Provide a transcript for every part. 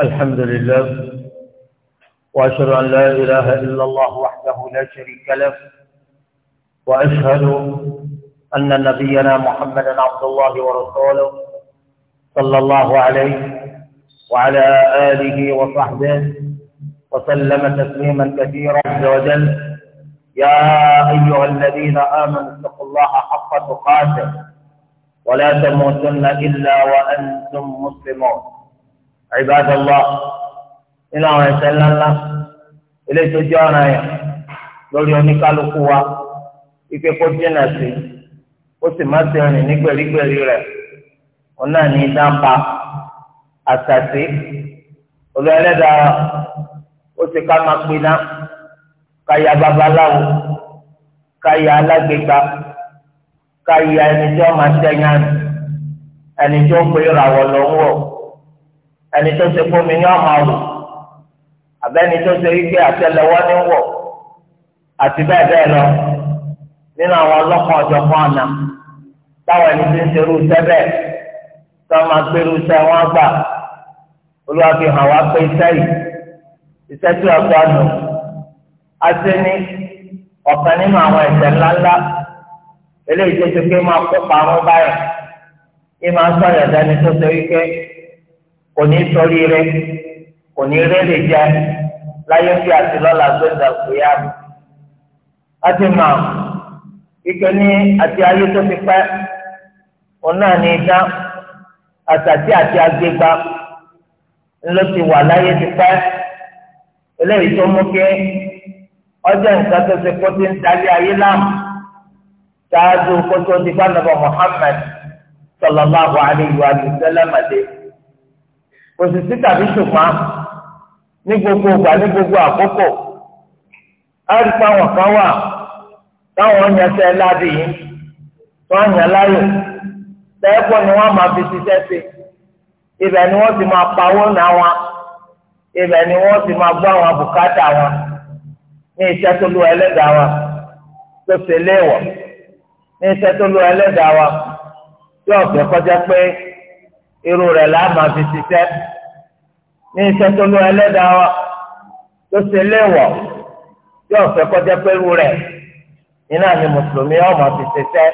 الحمد لله وأشهد أن لا إله إلا الله وحده لا شريك له وأشهد أن نبينا محمدا عبد الله ورسوله صلى الله عليه وعلى آله وصحبه وسلم تسليما كثيرا عز وجل يا أيها الذين آمنوا اتقوا الله حق تقاته ولا تموتن إلا وأنتم مسلمون Ibadallah nínú àwọn ẹ̀ṣẹ̀ ńláńlá eléyìí tó ọrụ ọ̀ràn yẹn lórí oníkálukú wa ike kó jìnnà sí ó sì ti rìn ní gbèrígbèrí rẹ̀ òun náà ní dáńpa àtàtì olùẹlẹ́dàá ó ti ka máa pinná káyà ka ya alágbèéká ya ẹni tó ṣe fún mi ní ọmọ àwò àbẹ́ni tó ṣe wípé àtẹ́lẹwọ́ ní wọ̀ àti bẹ́ẹ̀ bẹ́ẹ̀ lọ nínú àwọn ọlọ́kan ọ̀jọ̀kan ọ̀nà táwọn ẹni tí ń ṣerú iṣẹ́ bẹ́ẹ̀ tó máa gbèrú iṣẹ́ wọn gbà olúwa fi hàn wá pé iṣẹ́ yìí iṣẹ́ tí ọ̀gá nù á ní ọ̀kan nínú àwọn ẹ̀ṣẹ̀ ńláńlá eléyìí tó ṣe pé máa kópa àwọn báyìí ní máa sọ̀rọ̀ ẹ̀dá ni tó ṣe wípé kò ní sọrí rẹ kò ní rẹ́lẹ̀ jẹ láyé bí àti lọ́la gbẹ̀dà kúyà á ti mọ̀ ike ní àti ayé tó ti pẹ́ òun náà ní iná àtàtì àti agbégbá ló ti wà láyé ti pẹ́ eléyìí tó mú kí ọjọ́ nǹkan tó ṣe kó ti ń darí ayé láàmú ṣáájú kó tó di bá nàbọ̀ Muhammad sallallahu alaihi wa sallam àdéhùn kò sì sí tàbí ṣùgbọ́n ní gbogbo ìgbà ní gbogbo àkókò àríkpá kan wà táwọn ọ̀nyẹ́sẹ̀ ládìí yìí tó ọ̀nyẹ́ láyò tẹ́ẹ̀kọ́ ni wọ́n máa fi ṣiṣẹ́ sí ibẹ̀ ni wọ́n ti máa pawó náà wọn ibẹ̀ ni wọ́n ti máa gbọ́ àwọn bùkátà wọn ní iṣẹ́ tó lu ẹlẹ́dàá wa tó ṣe léèwọ̀ ní iṣẹ́ tó lu ẹlẹ́dàá wa tí ọ̀fẹ́ kọjá pé irú rẹ̀ la máa fi ṣiṣẹ́ ní iṣẹ́ tó lọ ẹlẹ́dàá wa tó ṣe léèwọ̀ tí ọ̀fẹ́ kọjá pẹ̀lú rẹ̀ iná ni mùsùlùmí ọ̀ máa fi ṣiṣẹ́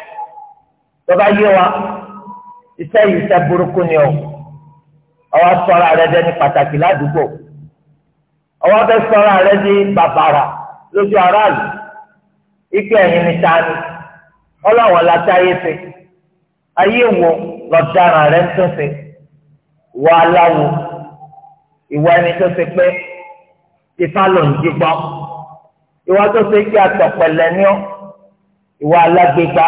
tó bá yé wa iṣẹ́ yìí iṣẹ́ burúkú ni o ọwọ́ sọ́ra rẹ dẹni pàtàkì ládùúgbò ọwọ́ fẹ́ sọ́ra rẹ di bàbàrà lójú aráàlú ike ẹ̀yin ni tani ọlọ́wọ́n la táyé ṣe ayé wo lọ́ọ́ dára ń tún ṣe wà láwo ìwà ẹni tó ṣe pé ifá ló ń jígbọ́ ìwà tó ṣe kí àtọ̀pẹ̀lẹ̀ ní ọ́ ìwà alágbèéká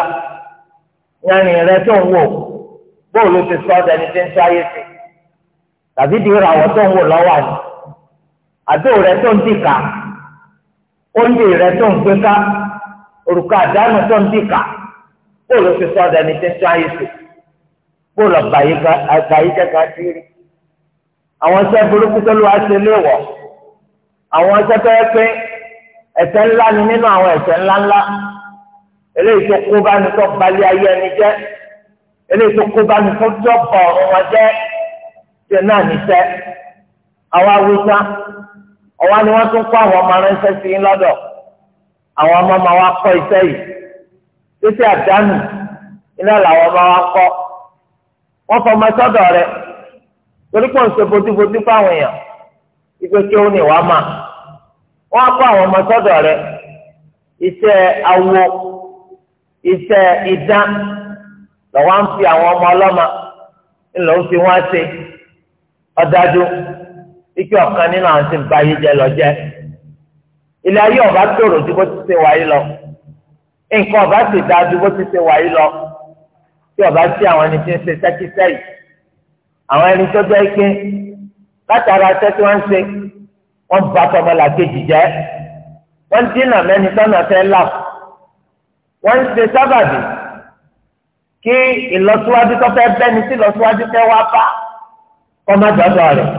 yanrìn rẹ tó ń wò bóòlù ti sọ ọ́ dẹni tí ń sáyé sí tàbí di ìràwọ̀ tó ń wò lọ́wọ́ àná àdó rẹ tó ń dìkà oúnjẹ rẹ tó ń gbéká òrùka àdánù tó ń dìkà bóòlù ti sọ ọ́ tí ń sáyé sí bó lọ bàyíjẹ́ ká sí rí àwọn iṣẹ́ burúkú tó lọ́wọ́ ṣe léèwọ̀ àwọn iṣẹ́ tó yẹ pé ẹ̀ṣẹ̀ ńlá ni nínú àwọn ẹ̀ṣẹ̀ ńláńlá eléyìí tó kó bá ní tó balẹ̀ ayé ẹni jẹ́ eléyìí tó kó bá ní tó jọ bọ̀ ọ̀run wọn jẹ́ ṣe náà níṣẹ́ àwọn awíṣá ọwọ́ ni wọ́n tún kó àwọn ọmọ aránṣẹ́ sí i lọ́dọ̀ àwọn ọmọ ọmọ wa kọ́ iṣẹ́ yìí títí àdánù iná làwọn ọmọ wa kọ́ wọ́n fọmọ sọ́dọ̀ rẹ̀ torí pọ̀ ń ṣe bójúbójú fáwọn èèyàn ìpè kí ó ní wàá mà wọ́n á kó àwọn ọmọ sọ́dọ̀ rẹ̀ iṣẹ́ awo iṣẹ́ idán lọ́wọ́ ń fi àwọn ọmọ ọlọ́mọ ńlọ ń fi wọ́n ṣe ọ̀dájú ike ọ̀kan nínú àwọn tí ń ba ayé jẹ lọ jẹ ilé ayé ọba tòrò ju bó ti ṣe wáyé lọ nǹkan ọba ti dáa ju bó ti ṣe wáyé lọ tí ọba sí àwọn ẹni tí ń ṣe sẹ́kísẹ́yì àwọn ẹni tó jẹ́ pé látara ṣẹ́ tí wọ́n ń ṣe wọ́n ba tọmọlàkejì jẹ́ wọ́n dínà mẹ́ni tọ́nà fẹ́ là wọ́n ń ṣe sábàbí kí ìlọsíwájú tó fẹ́ bẹ́ni tí ìlọsíwájú fẹ́ wá bá kọ́má dọ́dọ̀ rẹ̀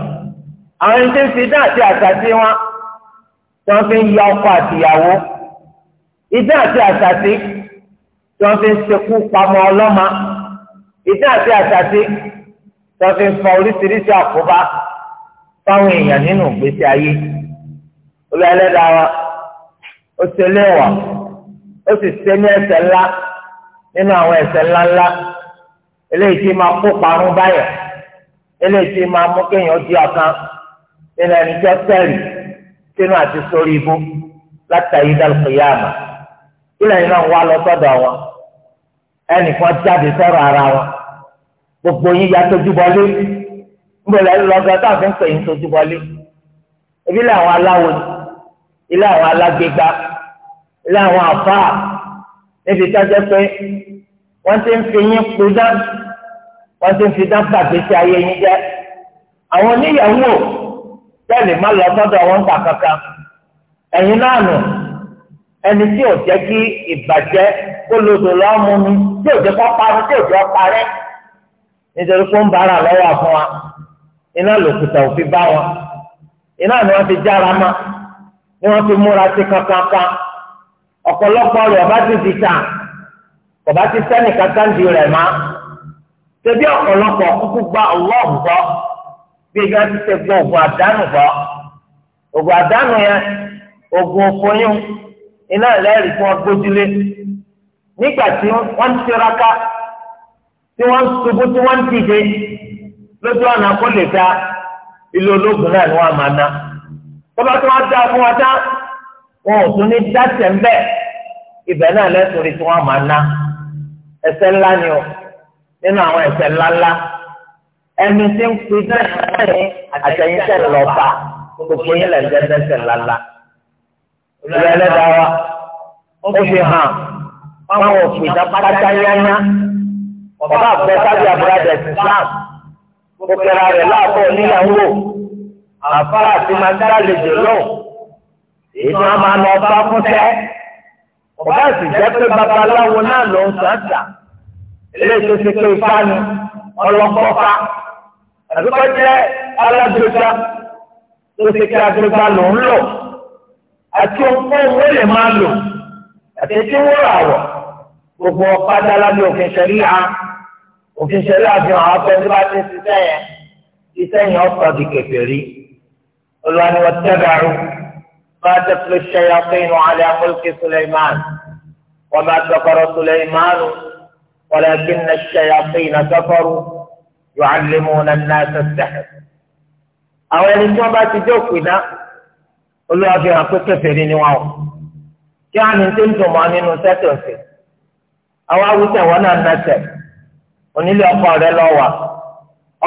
àwọn ẹni tí ń fi dá àti àṣà sí wọn tí wọ́n fi ń ya ọkọ àtìyàwó ìdá àti àṣà sí tí wọ́n fi ń ṣekú pamọ́ ọlọ́mọ. ìdá àti àtàtì tó fi ń fa oríṣiríṣi àkóbá fáwọn èèyàn nínú ìgbésí ayé olúwa ó ṣe léèwọ̀ ó sì ṣe ní ẹ̀ṣẹ̀ ńlá nínú àwọn ẹ̀ṣẹ̀ ńlá ńlá eléyìí tí máa kó parun báyẹ̀ eléyìí tí máa mú kéèyàn di ọ̀kan nínú ẹni sínú àti sórí ibú látàrí dàlùkìyàmà náà wọn jáde ara wọn. gbogbo yín ya tójú bọlé nbọlẹ lọgọ tá a fi ń pè yín tójú bọlé ebi ilé àwọn aláwo ilé àwọn alágbègbà ilé àwọn àfáà níbi tájẹ pé wọn ti ń fi yín kúdá wọn ti ń fi dá gbàgbèsè ayé yín jẹ àwọn oníyàwó tẹ́lẹ̀ má lọ sọ́dọ̀ wọn gbà kankan ẹ̀yin náà nù ẹni tí ò jẹ́ kí ìbàjẹ́ kó lodò lọ́mú mi tí ò jẹ́ kó parun tí ò jẹ́ kó parẹ́ nítorí pé ń bára lọ́wọ́ fún wa iná lòkùtà ò fi bá wọn iná ni wọ́n fi jára ma ni wọ́n fi múra sí kankankan ọ̀pọ̀lọpọ̀ rẹ̀ ọba ti di tà ọba ti sẹ́ni kankan di rẹ̀ ma tẹ̀bí ọ̀pọ̀lọpọ̀ kúkú gba ọlọ́ọ̀hún kọ́ bí ká ti ṣe gbọ́ ògùn àdánù kọ́ ògùn àdánù yẹn ògùn òfòyún iná ìlẹ́rìí fún ọgbójúlé nígbà tí wọ́n ń tiraka tí wọ́n ń ṣubú tí wọ́n ń dìde lójú ọ̀nà kó lè da ilé ológun náà ni wọ́n máa ná. Bọ́lá tí wọ́n dá fún wa dá wọn ò tún ní dáṣẹ̀ ńbẹ́ ibẹ̀ náà lẹ́sùn tí wọ́n máa ná. Ẹ̀ṣẹ̀ ńlá ni o nínú àwọn ẹ̀ṣẹ̀ ńláńlá. Ẹni tí ń pè náà ní àtẹ̀yìnṣẹ́ lọ́ba gbogbo yín lẹ̀ ń jẹ́ dẹ́ṣẹ̀ ńláńlá. ó fi hàn fáwọn òpìdá pátá yányá ọba àgbẹ sábìà bùrọ̀dà ẹ̀sìn Islam ó kẹra rẹ̀ láàbọ̀ níyàwó àfárá àti màtírà lè dè lọ èyí ni wọn máa lọ bá fún tẹ ọba sì jẹ pé babaláwo náà ló ń sàǹsà eléyìí tó ṣe pé ifá ni ọlọ́kọ́fà àbíkọ́ jẹ́ alágbèéká tó ṣe pé agbèéká ló ń lò àti ohunkóhun ó lè máa lò àti tí wọ́n rà wọ̀ gbogbo ọ̀pá dálábí òfin ṣẹ̀ríà òfin ṣẹlẹ̀ àfihàn abẹ́rẹ́ bá ti ṣiṣẹ́ yẹn iṣẹ́ yẹn ọ̀sán di kèfèrí olùwàní wọ́n tẹ́bàrú bá tẹ́fẹ́ ṣẹyà fẹ́yìn alẹ́ amúlùkì suleiman wọ́n bá tọkọrọ suleiman ولكن الشياطين كفروا يعلمون الناس السحر àwọn ẹni tí wọ́n bá ti jókòó iná olúwa fi hàn pé ni wọn o kí wọn ní tí mọ́ nínú sẹ́tọ̀ọ̀sì àwọn awùsẹ̀ wọn náà ń nà sẹ́ẹ̀. onílé ọkọ rẹ lọ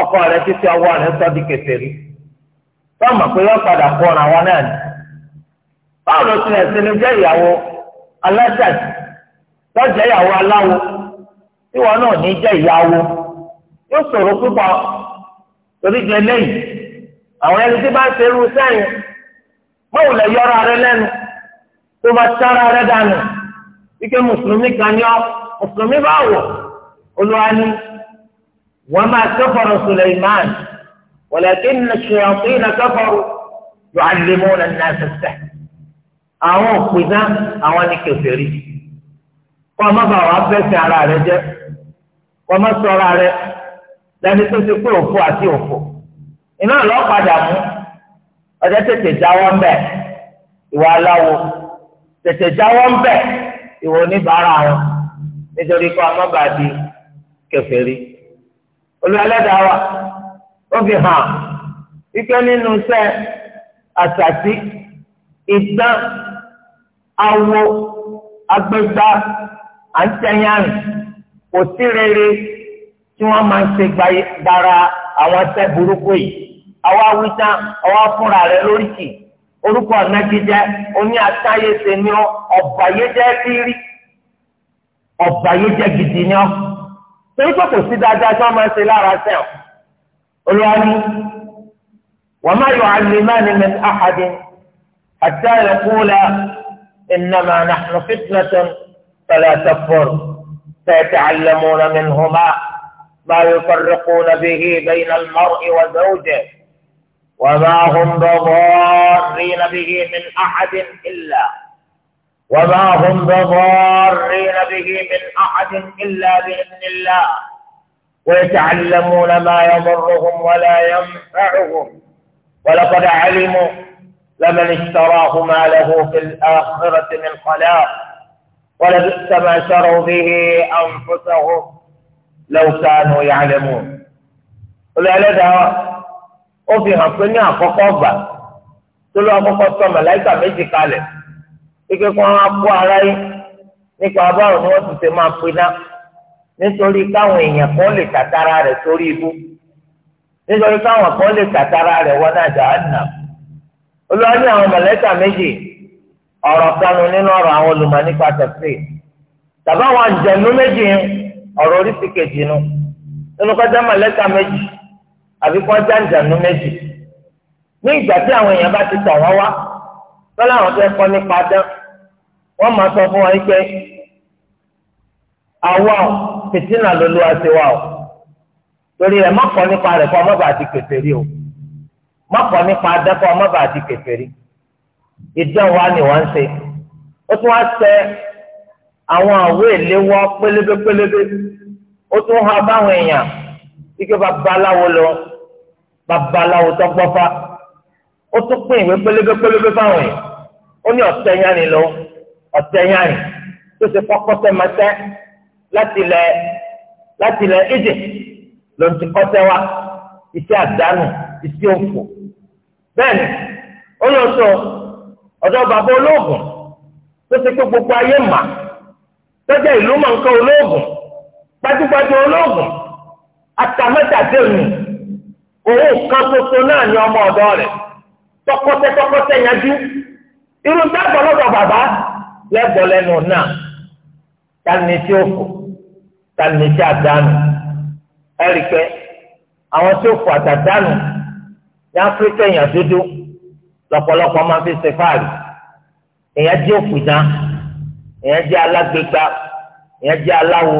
ọkọ rẹ títí ọwọ́ rẹ sọdí kèfèrí tọmọ pé ya padà fọrọ wa náà ni báwo ló tilẹ̀ sinmi jẹ́ ìyàwó aláṣàjì lọ́jọ́ ìyàwó aláwo tí wọn náà ní jẹ́ ìyàwó yóò torí jẹ àwọn ẹni tí bá ń serú lè rẹ tó bá rẹ olùwàní wa ma kafara Sulaiman walakinna ash-shayatina kafaru yu'allimuna an-nasa as-sihr àwọn òpinna àwọn ni kèfèrí kọ́ ọ má bà wà bẹ́sẹ̀ ara rẹ jẹ́ kọ́ ọ má sọ ara rẹ lẹ́ni tó ti pé òfò àti òfò iná lọ́padà mú ọjọ́ tètè jáwọ́ ń ìwà aláwo tètè jáwọ́ ń ìwà oníbàárà wọn nítorí kọ́ ọ má bà di. kèfèrí olùwàlẹ́dàá wa ó fi hàn ike nínú sẹ́ àtàtì ìtàn awo agbẹgbà àǹtẹ̀yàrìn kò sí rere tí wọn máa ń ṣe gbara àwọn sẹ́ burúkú yìí àwa wíjà àwa fúnra rẹ̀ lóríkì orúkọ ọ̀nàgídẹ́ oní àtàyèsè ni ọ ọ̀bàyéjẹ́ rírí ọ̀bàyéjẹ́ gidi ni ọ. torí pé kò sí dáadáa tí wọ́n máa ń ṣe lára ṣe ọ olúwa ni wọ́n máa yọ alimani min ahadi hatta yaqula innama nahnu fitnatan fala takfur sayata'allamuna minhuma ma yufarriquna bihi bayna al-mar'i wa zawjihi wa ma hum bidarrina bihi min ahadin illa. وما هم بضارين به من أحد إلا بإذن الله ويتعلمون ما يضرهم ولا ينفعهم ولقد علموا لمن اشتراه ما له في الآخرة من خلاق ولبئس ما شروا به أنفسهم لو كانوا يعلمون ولهذا ó fi hàn pé ní àkọ́kọ́ gbà tó lọ́ قالت ike kí wọn kó ara yìí nípa báwo ni wọn ti ṣe máa pinna nítorí káwọn èèyàn kan lè tàtara rẹ̀ sórí ibú nítorí káwọn kan lè tàtàrà rẹ̀ wọnà jàánà olúwa ní àwọn mọlẹ́kà méjì ọrọ kanu nínú ọrọ àwọn olùmọ̀ nípa tẹ̀sí tàbá àjẹnú méjì oríṣi kejì nu nínú kọjá méjì àbí kọjá àjẹnú méjì ní ìgbà tí àwọn èèyàn bá ti tọ̀ wọ́n wá tọ́lá àwọn kọ́ nípa dán wọ́n máa sọ fún wa yìí pé àwa ò fìtínà lólu àti wa ò torí ẹ̀ mọ́kàn nípa rẹ̀ kọ́ ọmọba àti kèfèrí o mọ́kàn nípa adẹ́kọ̀ ọmọba àti kèfèrí ìdán wa ni wọ́n ń ṣe ó tún wá tẹ àwọn àwé ìléwọ́ pélébé pélébé ó tún ha báwọn èèyàn ike babaláwo lọ babaláwo tó gbọ́fá ó tún pín ìwé pélébé pélébé fáwọn èèyàn ó ní ọ̀tẹ̀ yánni lọ. ọ̀tẹ̀ yanrì tó ṣe kọ́kọ́ sẹ́mẹsẹ́ láti le, láti ilẹ̀ Egypt ló ń wa iṣẹ́ àdánù iṣẹ́ òfò bẹ́ẹ̀ni ó lọ sọ ọ̀dọ̀ bàbá olóògùn tó ṣe pé gbogbo ayé mà tọ́jà ìlú mọ̀ nǹkan olóògùn gbajúgbajú olóògùn atamẹ́tàdéhùn owó kan náà ni ọmọ tọkọtẹ tọkọtẹ lẹ́gbọ́ lẹ́nu náà tani tí ó fò tani tí a dànù ẹ̀ríkẹ́ àwọn tí ó fò àtàdánù ní áfíríkà èèyàn dúdú lọ́pọ̀lọpọ̀ máa fi ṣe fáàrí èèyàn jẹ́ òkùnjà èèyàn jẹ́ alágbèéká èèyàn jẹ́ aláwo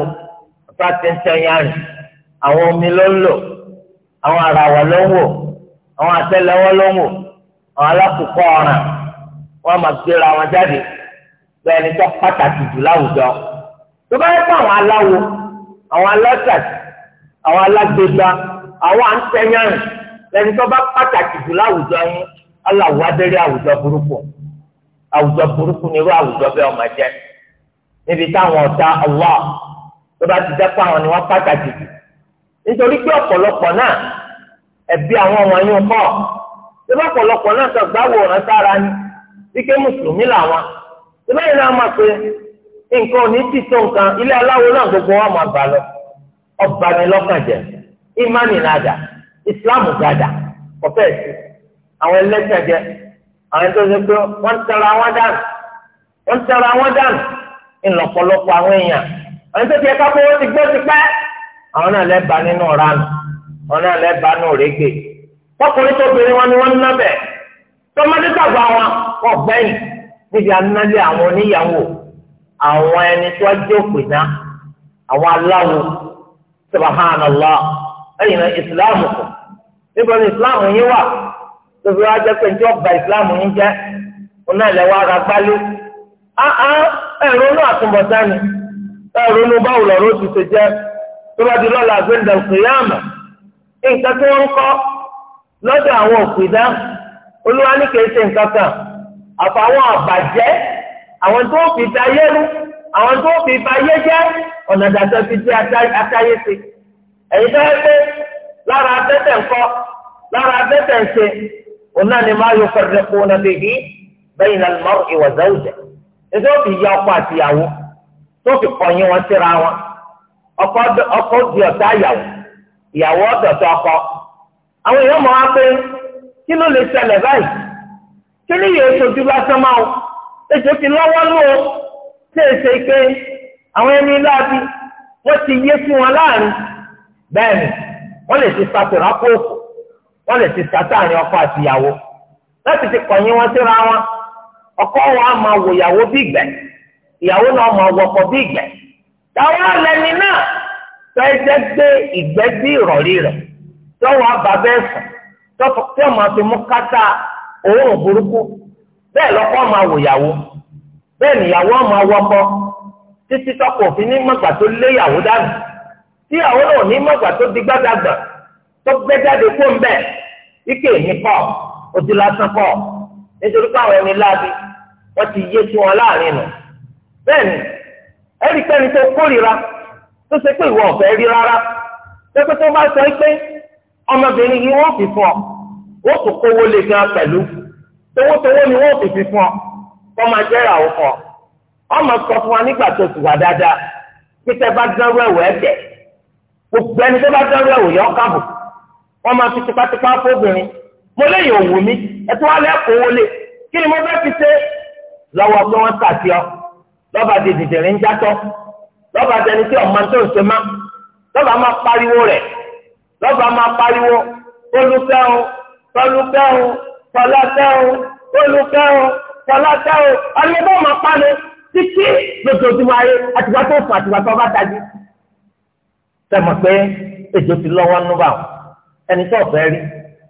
ọ̀tá ti ń tẹ̀yìn àrùn àwọn omi ló ń lò àwọn àràwọ̀ ló ń wò àwọn àtẹ́lẹwọ́ ló ń wò àwọn alákòókò ọ̀ràn wọ́n máa gbéra wọn jáde. bẹ́ẹ̀ ẹni tó pàtàkì jù láwùjọ tó bá yẹ kó àwọn aláwo àwọn alọ́sàtì àwọn alágbègbà àwọn àǹtẹ̀yàn bá pàtàkì jù láwùjọ yín aláwọ̀ abẹ́rẹ́ àwùjọ burúkú àwùjọ burúkú ni irú àwùjọ bẹ́ẹ̀ ọmọ jẹ́ níbi táwọn ọ̀tá ọwọ́ tó bá ti àwọn ìbáyìí náà máa pe nǹkan òní ti tó nǹkan ilé aláwo náà gbogbo wa máa lọ ọba ni jẹ ìmánì nàdà ìsìláàmù gàdà ọ̀fẹ́ ẹ̀sìn àwọn ẹlẹ́sẹ̀ jẹ àwọn ẹni ṣe pé wọ́n tẹ̀ra wọn dànù wọ́n tẹ̀ra wọn dànù ńlọpọlọpọ àwọn èèyàn àwọn ti gbọ́ ti pẹ́ àwọn níbi anáyé àwọn oníyàwó àwọn ẹni tí wọ́n jẹ́ òpìdá àwọn aláwo subahánàlá ẹ̀yìn náà ìsìláàmù kù níbo ni ìsìláàmù yín wà tóbi wá jẹ́ pé ní ọba ìsìláàmù yín jẹ́ ọ̀nà ìlẹ̀wọ̀ ara gbálé ẹ̀rọ inú àtúbọ̀tánì ẹ̀rọ inú báwo lọ́rọ́ ti ṣe jẹ́ tó lọ́la gbẹ̀ndẹ̀ kìyàmù nǹkan tí wọ́n ń kọ́ lọ́dọ̀ àwọn olúwa ní àfàwọn àbàjẹ́ àwọn tó fi da yẹ́rú àwọn tó fi ba yé jẹ́ ọ̀nà ìdàtọ̀ fi di atáyé sí. ẹ̀yin bẹ́ẹ̀ pé lára abẹ́tẹ̀ ńkọ́ lára abẹ́tẹ̀ ń ṣe òun náà ni máa yọ fẹ́rẹ́ kó na bèbí bẹ́yìn náà lọ́rùn ìwà záwùjẹ́ ẹjọ́ fi ya ọkọ àtìyàwó tó fi kọ̀yìn wọn síra wọn ọkọ di ọ̀tá ìyàwó ìyàwó ọ̀dọ̀tọ̀ ọkọ àwọn èèyàn mọ̀ wá pé kí ló lè ṣẹlẹ̀ báyìí kíní yóò sojú lásán máa o ètò ti lọ́wọ́ lò ó ṣe pé àwọn ẹni láti wọ́n ti yé fún wọn láàrin bẹ́ẹ̀ ni wọ́n lè ti sàtìrà kóòkù wọ́n lè ti sàtàrin ọkọ ìyàwó láti ti kọ̀yìn wọn síra wọn ọkọ wọn á máa wò ìyàwó bí ìyàwó náà ọkọ bí táwọn ọlẹni náà gbé bí ìrọ̀lì sùn tí wọ́n máa òórùn burúkú bẹ́ẹ̀ lọ́kọ máa wò yàwó bẹ́ẹ̀ nìyàwó máa ọkọ títí tọkọ òfin ní mọ̀gbà tó lé yàwó dànù tí àwọn náà ní mọ̀gbà tó di gbàdàgbà tó gbé jáde kó ń bẹ̀ ike èmi kọ́ ojú lásán kọ́ nítorí pé ẹni láabi wọ́n ti yé sí wọn ọ̀fẹ́ rí rárá pé pé sọ pé ọmọbìnrin yìí wọ́n fi fún ọ ó tún kówó lé gan pẹ̀lú towótowó ni wọ́n fi fi fún ọ kọ́ máa jẹ́ ìràwọ̀ fún ọ ọmọ sọ fún wa nígbà tó ti wà dáadáa pété bá dánwó ẹ̀wọ̀ ẹ̀jẹ̀ gbogbo ẹni tó bá dánwó ẹ̀wọ̀ yọ káàbù wọ́n máa fi tipátipá fóbìnrin mo léyìn òwú mi ẹtú wa lẹ́kọ̀ọ́ wọlé kí ni mo fẹ́ fi ṣe lọ́wọ́ pé wọ́n tàbí ọ lọ́ba di dìdìrín játọ́ lọ́ba dẹni tí ọmọ tó ń ṣe má lọ́ba máa pariwo rẹ̀ lọ́ba máa pariwo olùfẹ́ o tọlùkẹ́hùn tọlákẹ́hùn olùkẹ́hùn tọlákẹ́hùn ọlọ́mọ máa pàdé títí lójoojúmọ́ ayé àtìgbà tó fún àtìgbà tó bá tají. sẹ́mi pé èjò ti lọ́wọ́ nùbà ẹni tó fẹ́ rí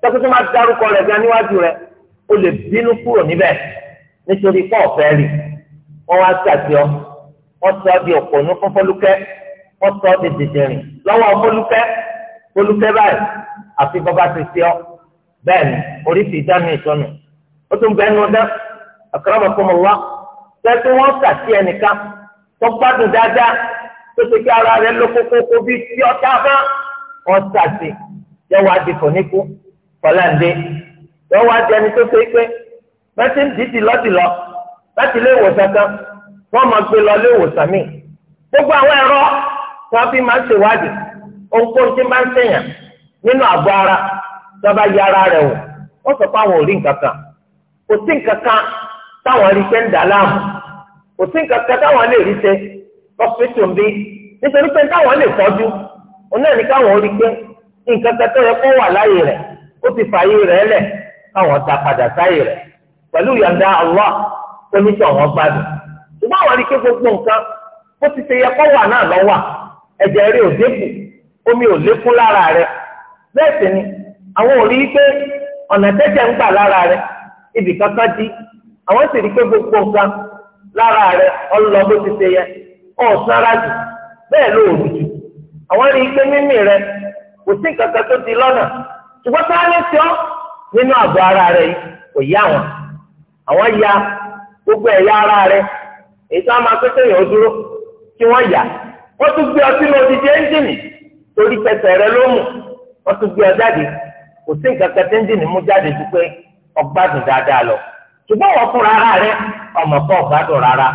tọ́kítí máa dárúkọ rẹ̀ gan níwájú rẹ̀ o lè bínú kúrò níbẹ̀ nítorí pé ọ̀fẹ́ rí wọ́n wá sàdíọ́ wọ́n sọ di òpònú fún fọlùkẹ́ wọ́n sọ di dìdìrín lọ́wọ́ fọlùkẹ́ fọlùkẹ́ báyìí àfi bọ́bá ti ṣe ọ́ bẹ́ẹ̀ni oríṣi ìdáná ìsọnù ó tún bẹ́ẹ̀ nu dá akramakumullah tẹ́tí wọ́n kà sí ẹnìkan tó gbádùn dáadáa tó ti kí ara rẹ̀ lókókókó bí tí ọ̀tá bá wọ́n kà sí yẹ́wọ́ adìfò níkú kọ́láńdé yẹ́wọ́ adìẹ ni tó ṣe pé mẹ́tí ń dìdì lọ́dìlọ́ láti ilé ìwòsàn kan wọ́n máa gbé lọ ilé ìwòsàn míì gbogbo àwọn ẹ̀rọ tí wọ́n fi máa ń ṣèwádìí ohunkóhun tí máa ń ṣèyàn nínú àgọ́ ara tọ́ba ya ara rẹ̀ wò wọ́n sọ pé àwọn ò rí nǹkan kan kò sí nǹkan kan táwọn rí ń dà láàmú kò sí nǹkan táwọn lè rí ń bí nítorí pé táwọn òun náà ta padà rẹ̀ pẹ̀lú ọ̀wọ́n ṣùgbọ́n àwọn gbogbo nǹkan ti ṣe yẹ kó wà náà lọ́wọ́ ẹ̀jẹ̀ àwọn ò rí i pé ọ̀nà tẹ́tẹ̀ ń gbà lára rẹ̀ ibì kankan di àwọn sì rí i pé gbogbo nǹkan lára rẹ̀ ọlọ́ bó ti ṣe yẹ jù bẹ́ẹ̀ ló jù àwọn rí i pé di lọ́nà ṣùgbọ́n tá a lè ara rẹ̀ yìí kò yá wọn ya gbogbo ẹ̀yà ara rẹ̀ èyí tó a máa pẹ́sẹ́ yàn ó dúró kí wọ́n yà wọ́n tún gbé ọtí torí rẹ̀ ló mú kò sí nǹkan kan tẹ́ńdì ní mú jáde ju pé ọgbádùn dáadáa lọ ṣùgbọ́n wọ́n fún rárá rẹ ọmọ kan ọgbádùn rárá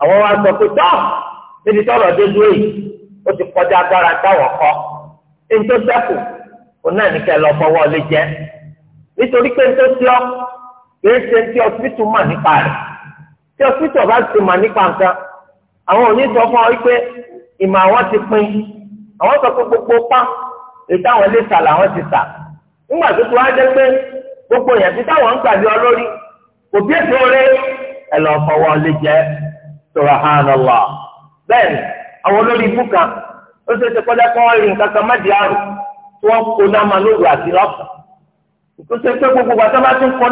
àwọn wa sọ pé tọ́ níbi tọ́rọ̀ dé dúró yìí ó ti kọjá agbára táwọn kọ́ ẹni tó dẹ́kù òun náà ní kẹ́ lọ fọwọ́ lé jẹ́ nítorí pé ní tó sí ọ kìí ṣe tí ọsibítù mà nípa rẹ̀ tí ọsibítù ọba ti mà nípa nǹkan àwọn òní sọ fún ọ wípé ìmọ̀ àwọn ti pin àwọn sọ pé gbogbo pa ètò àwọn ilé ìsàlẹ̀ ti sà ńgbà tó tó wá jẹ́ pé gbogbo yẹn ti táwọn ń pàdé ọ lórí kò èso rẹ ẹ lọ fọwọ́ lè jẹ́ subhanallah bẹ́ẹ̀ ni àwọn olórí kan ó ṣe ṣe kọjá kọ́ àrùn tí wọ́n kó lóru àti tó ṣe pé gbogbo àti ọba tó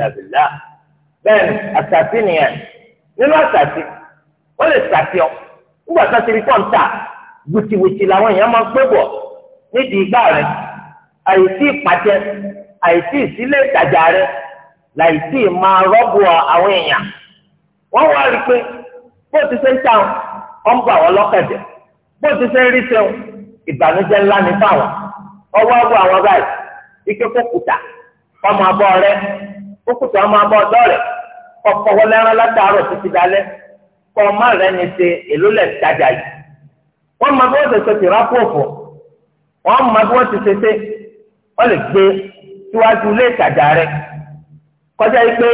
ń iná bẹ́ẹ̀ ni àṣàtì nìyẹn nínú àṣàtì lè ọ nígbà tó ti rí kọ́ńtà wìtìwìtì làwọn èèyàn máa ń pé bọ̀ nídìí igbá rẹ àìsí ìpàtẹ àìsí ìsílé ìtajà rẹ làìsí máa àwọn èèyàn wá rí i pé bó ti ṣe ń wọn lọ́kẹ̀dẹ̀ bó ti ṣe ń rí sẹ́wọ̀n ìbànújẹ́ ńlá ní ike kó kùtà abọ́ rẹ ó kùtù ọmọ ọdọ rẹ rẹ̀ wọlé ẹran látàárọ̀ títí dalẹ́ kọ́ ọmọ rẹ̀ ní ṣe èló lẹ̀ tajà yìí wọ́n mọ bí wọ́n ti ti rápò mọ bí ti lè gbé síwájú ìtajà kọjá yìí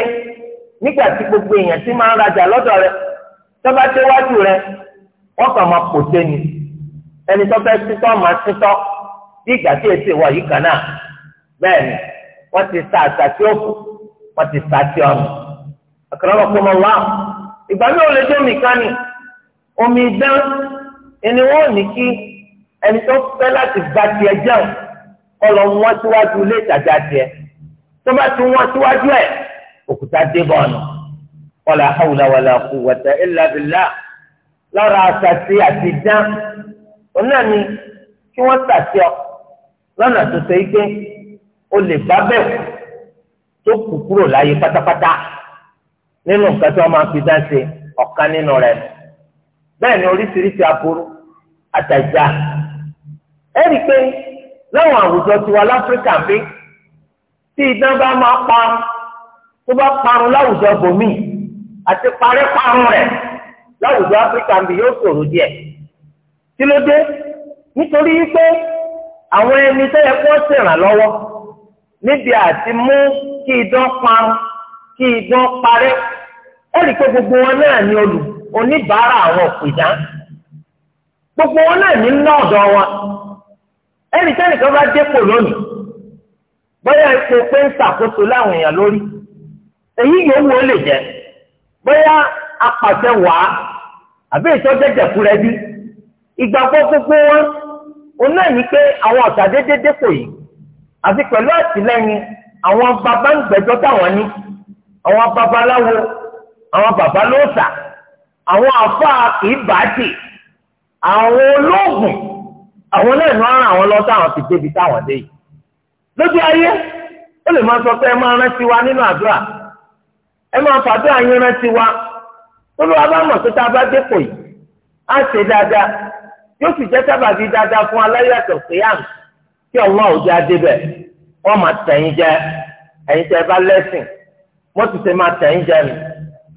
gbogbo èèyàn ti máa ń rajà rẹ kàn máa pò sé ni ẹni tó máa bí ìgbà tí èsì wọ̀ yìí kan náà wọ́n ti sá sí ọ̀nà. àkàràwọ̀ kò mọ̀ wá ìgbà mi ò lè jẹ́ omi kan ni omi dán ẹni wọ́n ní kí ẹni tó fẹ́ láti gba tiẹ̀ jẹun kọ́ lọ wọ́n síwájú ilé ìtajà tiẹ̀ tó bá ti wọ́n síwájú ẹ̀ òkúta dé bọ̀ ọ̀nà wala hawla wala quwwata illa billah àṣàṣe àti dán òun ni kí wọ́n tàṣe ọ tó ṣe é gbé lè bá bẹ́ẹ̀ tó kù kúrò láyé pátápátá nínú nǹkan tí wọ́n máa fi dá ṣe ọ̀kan nínú rẹ̀ bẹ́ẹ̀ ni oríṣiríṣi aburú àtàjà ẹ rí i pé láwọn àwùjọ tiwa láfíríkà bí tí idán bá máa pa tó bá parun láwùjọ bòmíì àti parẹ́ parun láwùjọ níbi àti mú kí idán parun kí idán ó rí pé gbogbo wọn náà ni oníbàárà àwọn òpìdán gbogbo wọn náà ní ná wọn ẹnì tẹ́nìkan bá dépò lónìí bóyá ipò pé ń ṣàkóso láwọn èèyàn lórí èyí lè jẹ bóyá apàṣẹ wàá àbí ìtọ́jẹ́jẹ́ kúrẹ́bí ìgbàgbọ́ gbogbo wọn ní pé àwọn ọ̀tà déédéé dépò yìí àti pẹ̀lú àtìlẹ́yìn àwọn baba ń gbẹ́jọ́ táwọn ní àwọn babaláwo àwọn baba lóòṣà àwọn àfa ìbàdì àwọn olóògùn àwọn náà ní wọn ràn àwọn lọ táwọn fi débi táwọn dé yìí lójú ayé ó lè máa sọ pé ẹ máa rántí wa nínú àdúrà ẹ máa fàdúrà yín rántí wa olúwa bá mọ̀ pé tá a bá dépò yìí á ṣe dáadáa yóò sì jẹ́ sábàbí dáadáa fún aláyàtọ̀ pé àmì kí Allah ò jẹ́ adébẹ̀ wọ́n máa tẹ̀yìn jẹ ẹ̀yin tẹ́ ẹ bá lẹ́sìn wọ́n ti ṣe máa tẹ̀yìn jẹ nù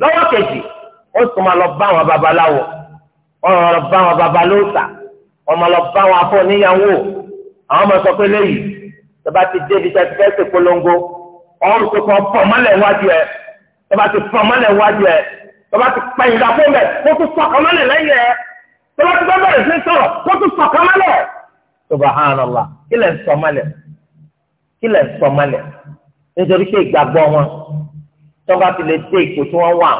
lọ́wọ́ kejì ó sì máa lọ bá àwọn babaláwo wọ́n máa lọ bá àwọn babalóòṣà wọ́n máa lọ bá àwọn afọ́níyàwó àwọn máa sọ pé léyìí tọba ti débi tẹ fẹ́ ṣe polongo ọ̀rùn tó kàn pọ̀ wájú ẹ̀ tọba ti pọ̀ wájú ẹ̀ tọba ti pẹ̀yìn dàpọ̀ mẹ́ kó tó sọ̀kọ́ mọ́lẹ̀ lẹ́yìn ẹ̀ tọba ti bẹ́ẹ̀ bẹ̀rẹ̀ sí sọ̀rọ̀ kó tó sọ̀kọ́ subhanallah Allah. lẹ̀ ń sọ mọ́lẹ̀ kí lẹ̀ ń sọ mọ́lẹ̀ nítorí pé ìgbàgbọ́ wọn tó bá fi lè dé ipò tí wọ́n wà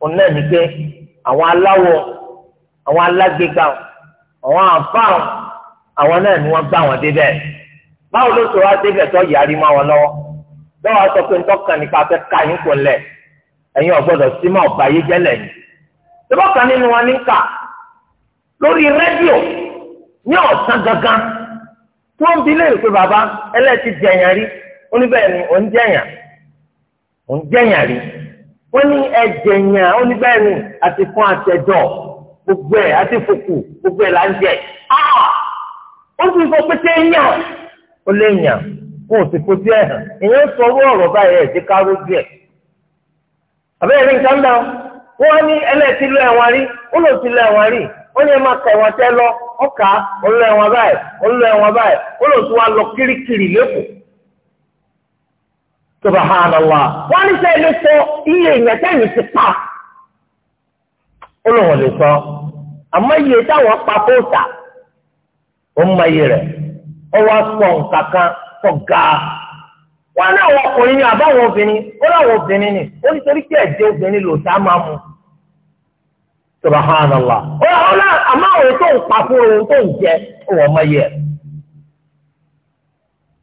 òun náà ní pé àwọn aláwọ̀ àwọn alágbèéká àwọn àǹfààní àwọn náà ni wọ́n bá wọn débẹ̀ báwo ló sọ wá débẹ̀ tó yàrí mọ́ wọn lọ́wọ́ lọ́wọ́ sọ pé ntọ́kàn nípa fẹ́ ká yín kò lẹ̀ ẹ̀yin ọ̀gbọ́dọ̀ sí mọ́ ọ̀bà yé jẹ́lẹ̀ yìí. ìbọ̀kan nínú wọn ní kà lórí rédíò ní ọ̀sán gangan tí wọ́n ń bi léèrè pé bàbá ẹlẹ́ẹ̀tì jẹ̀yàn rí ó ní bẹ́ẹ̀ ni òun jẹ̀yàn òun jẹ̀yàn rí wọ́n ní ẹ̀jẹ̀yàn ó ní bẹ́ẹ̀ ni àti fún àtẹ̀jọ́ gbogbo ẹ̀ àti fòkù gbogbo ẹ̀ là ń jẹ ah! ó sì sọ pé ṣé yàn ó lè yàn kó o sì fojú ẹ̀ hàn èèyàn sọ owó ọ̀rọ̀ báyìí ẹ̀ ti káró díẹ̀ àbẹ́rẹ́ nǹkan náà wọ́n ní ẹlẹ́ẹ̀tì lọ ẹ̀wọ̀n rí ó lò sí lọ ẹ̀wọ̀n rí ó lè máa kà ẹ̀wọ̀n tẹ́ lọ ọkà olú ẹ̀wọ̀n báyìí olú ẹ̀wọ̀n báyìí ó lò tún wá lọ kirikiri lẹ́kọ̀ọ́. ní sẹ́yìn sọ iye èèyàn ti pa ó lòun lè sọ àmọ́ iye táwọn pa fóòtà ó ń mayé rẹ̀ ó wá sọ nǹkan kan tó ga wọn ní àwọn ọkùnrin àbáwọn obìnrin ó láwọn obìnrin ni ó nítorí ẹ̀jẹ̀ Subhanallah ọlọ àmọ́ àwọn tó ń pa fún tó ń jẹ ọwọ́ ọmọ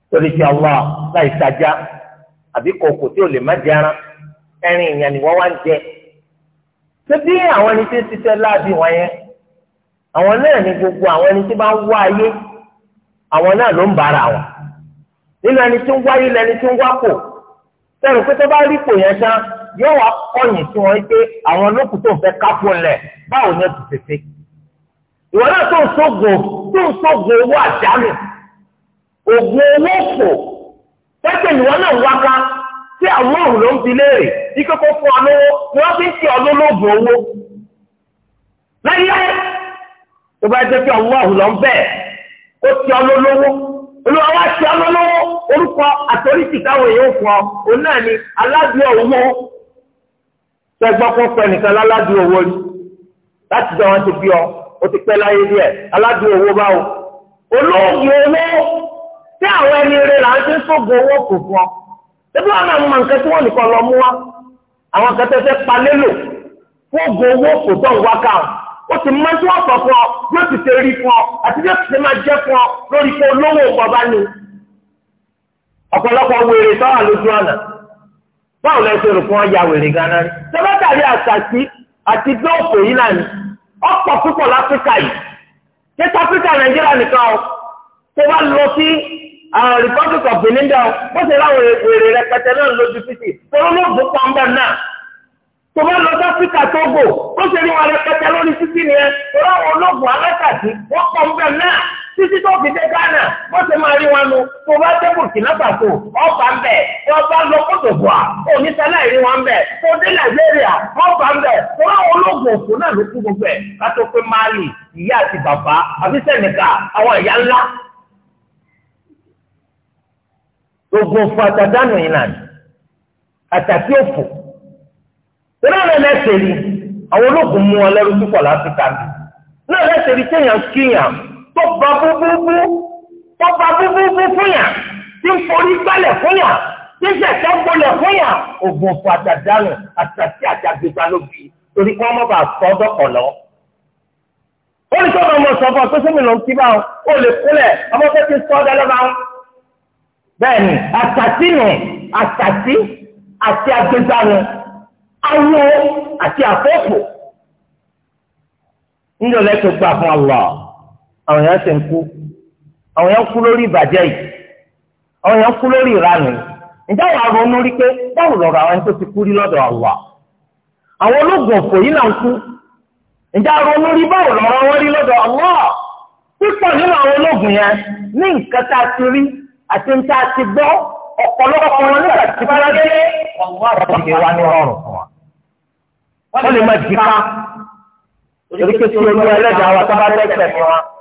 torí ti Allah láì sájà àbí kòkò tí ò lè má jẹ ara ẹrin ìyàn ni wọ́n wá ń jẹ ṣébí àwọn ẹni tí ń ṣiṣẹ́ láàbì wọn yẹn àwọn náà ni gbogbo àwọn ẹni tí bá ń wá ayé àwọn náà ló ń bára wọn nínú ẹni tí ń wáyé lẹni tí ń sẹ́nu pé tó bá yóò wá kọ̀yìn sí wọn pé àwọn olókùn tó ń fẹ́ kápò lẹ̀ báwo ni ó ti tètè. ìwọ náà tó ń sógo tó ń sógo owó àjálù ògùn owó kò tẹ́tẹ̀ ìwọ náà wá ká tí àwọn òun ló ń fi léèrè ike kó fún ọ lówó ni wọ́n fi ń ṣe ọlọ́lọ́gùn owó. láyé tó bá jẹ́ pé àwọn òun lọ ń bẹ̀ ó ti ọlọ́lọ́wọ́ olùwà wá ti ọlọ́lọ́wọ́ orúkọ àtọ́rí tìkáwọ̀ yóò fún ọ òun náà ni aládùúgbò owó tẹ́gbọ́n kó pẹ́ nìkan láládì owó rí láti jẹ́ wọn ti bí ọ o ti pẹ́ láyé díẹ̀ aládì owó o olóògùn owó tí àwọn ẹni rẹ̀ là ń ti sógun owó kò fún ọ ṣébí wọn náà mọ nǹkan tí wọn nìkan lọ mú wa àwọn kan tẹ́ fẹ́ lò fún oògùn owó kò tó ń ká o ti mọ tí wọn sọ fún ọ yóò ti ṣe rí fún ọ àti yóò ti ṣe máa jẹ fún ọ lórí pé olówó ọgbà bá ní ọ̀pọ̀lọpọ̀ wèrè táwà lójú ọ̀nà báwo lẹ ṣe rò fún ọjà wèrè ganan ni sẹmẹtàrí àṣàṣì àti dóòpù yìí náà ni ọ̀pọ̀ púpọ̀ láfíríkà yìí ṣé sáfíríkà nàìjíríà nìkan o tó bá lọ sí àwọn republic of benin dẹ o bó ṣe láwọn èrè rẹpẹtẹ náà lójú títì tóró ló bù pọnbẹ náà tó bá lọ sáfíríkà tógò bó ṣe rí wọn rẹpẹtẹ lórí títì nìyẹn tó láwọn ológun alátàdí wọn pọnbẹ náà títí tó fi dé Ghana bó ṣe máa rí wọn nu tó bá dé Burkina Faso ọba ń bẹ ọba lọ kótó bọ à oníṣẹlẹ ìrí wọn bẹ tó dé Nàìjíríà ọba ń bẹ tó ológun òkú náà ló kú gbogbo ẹ kátó pé Mali ìyá àti bàbá àbí Senegal àwọn ìyá ńlá gbogbo òfò àtàdánù yìí nàní àtàkì òfò náà lọ lẹsẹ rí àwọn ológun mú wọn lẹ́rú púpọ̀ láfíríkà náà lẹsẹ rí kéèyàn kíyàn tó gba búbúbú tó gba búbúbú fún yà tí ń forí gbálẹ̀ fún yà tí ń ṣẹ̀ṣẹ̀ gbolẹ̀ fún yà ògùn fún àtàdánù àtàtì àtàgbèsà ló bì torí kí wọ́n mọ̀ bá sọ dọ́kọ̀ lọ. ó ní sọ́dọ̀ ọmọ sọ́fọ̀ tó sẹ́mi ló ń kí báwọn ó lè kúlẹ̀ ọmọ tó ti sọ́ dálẹ́ báwọn. bẹ́ẹ̀ni àtàtì nù àtàtì àti àgbèsà awo àti àfọ́fọ́ ńlọlẹ́ tó gbà fún Allah. àwọn èèyàn sì ń kú àwọn èèyàn ń kú lórí ìbàjẹ́ yìí àwọn ń kú lórí ìranù ǹjẹ́ àwọn rí pé báwo àwọn tó ti kú rí lọ́dọ̀ àwọn ológun òfò yìí náà ń kú ǹjẹ́ rí báwo rí lọ́dọ̀ nínú àwọn ológun yẹn ní nǹkan tá a ti rí àti tá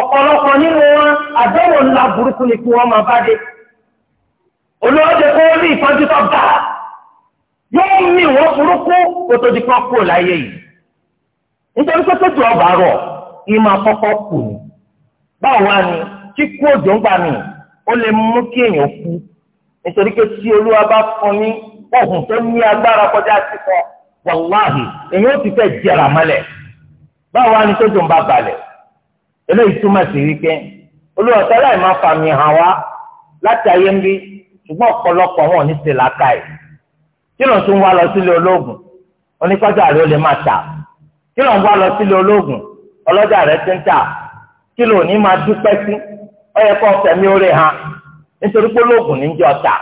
ọ̀pọ̀lọpọ̀ nínú wọn àdéhùn ńlá burúkú ni kí wọ́n máa bá dé olówó ṣe o ní ìtọ́jú tó ga yóò mí wọ́n burúkú kó tó di kan kú láyé yìí nítorí pé tó ti ọba rọ̀ kù ní báwo wá ni kíkú òjò ń gbà mí ó lè mú kí èèyàn kú nítorí pé tí olúwa bá fún ní tó ní agbára kọjá ni tó eléyìí túmọ̀ sí wípé olúwa sọlá ìmọ̀ fàmì hàn wá láti ayé ń bí ṣùgbọ́n ọ̀pọ̀lọpọ̀ wọn ò ní ṣe làákàyè kí ló ń tún wá lọ sílé ológun oníkọ́jà rẹ ó lè máa tà kí ló ń wá lọ sílé ológun ọlọ́jà rẹ ti ń tà kí ló ní máa dúpẹ́ sí ó fẹ̀mí ológun ní jẹ́ ọ̀tà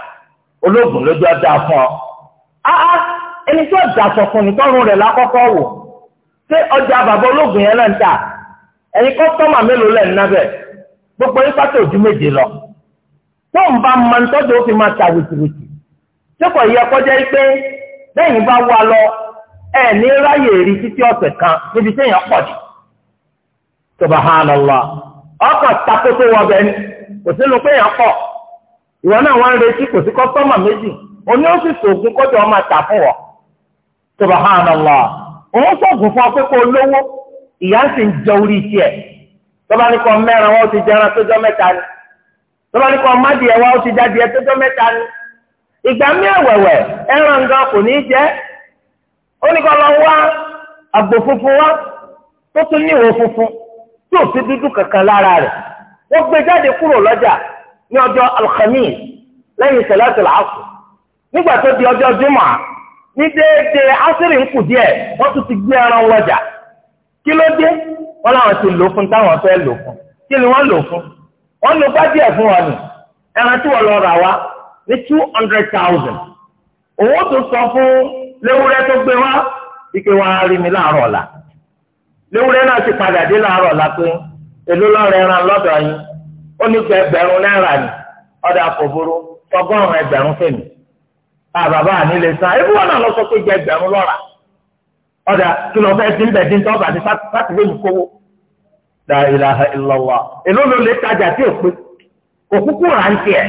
ológun ló ọjà sọ fún rẹ̀ lákọ́kọ́ wò ṣé ọjà bàbá ológun yẹn náà ẹni kọ́tọ́mà mélòó lẹ̀ nábẹ̀ gbogbo yín pátá ojú méje lọ tó ń bá máa ń tọ́jú ó fi máa ta wìtìwìtì tí kò yẹ kọjá yìí pé bẹ́ẹ̀ni bá wà lọ ẹ̀ ní ráyè rí títí ọ̀sẹ̀ kan níbi tí èèyàn pọ̀ jù subahánàlá ọkọ̀ takoto wọbẹ̀ ni kò pé èèyàn pọ̀ ìwọ náà wọ́n ń retí kò sí kọ́tọ́mà méjì oní ó sì fún wọ òun sọ̀gùn fún ìyá sì ń jẹ orí tiẹ̀ tọ́ba ní kọ́ mẹ́ran wọ́n ti jẹran tójọ́ mẹ́ta ni tọ́ba ní kọ́ mádìẹ wọ́n ti jádìẹ tójọ́ mẹ́ta ni ìgbà mí ẹ̀wẹ̀wẹ̀ ẹran gan kò ní í jẹ́ ó ní kọ́ lọ wá àgbò funfun wá tó tún ní ìwò funfun tí ò sí dúdú kankan lára rẹ̀ wọ́n gbé jáde kúrò lọ́jà ní ọjọ́ alhamis lẹ́yìn sẹ̀lẹ́sì làásù nígbà tó di ọjọ́ jùmọ̀ ní déédéé asírí ń kù díẹ̀ wọ́n tún ti gbé ẹran lọ́jà. kí ló dé wọn làwọn ti lò fún táwọn fẹ́ lò fún kí ni wọ́n lò fún wọ́n lò bá díẹ̀ fún wọn ni ẹran tí wọ́n lọ rà wá ní two hundred thousand owó tó sọ fún léwúrẹ́ tó gbé wá ike wọn rí mi náà ti padà dé pé ẹran yín ó ní náírà ni ẹgbẹrún fèmí àbàbà nílé náà lọ sọ pé ọ̀dà kí lọ́ọ́ fẹ́ẹ́ sí ń bẹ̀ẹ́dín tó ọ̀bà ní sátidé mi kówó la ilaha illallah èló ló lè tajà tí ò pé òkúkú rántí ẹ̀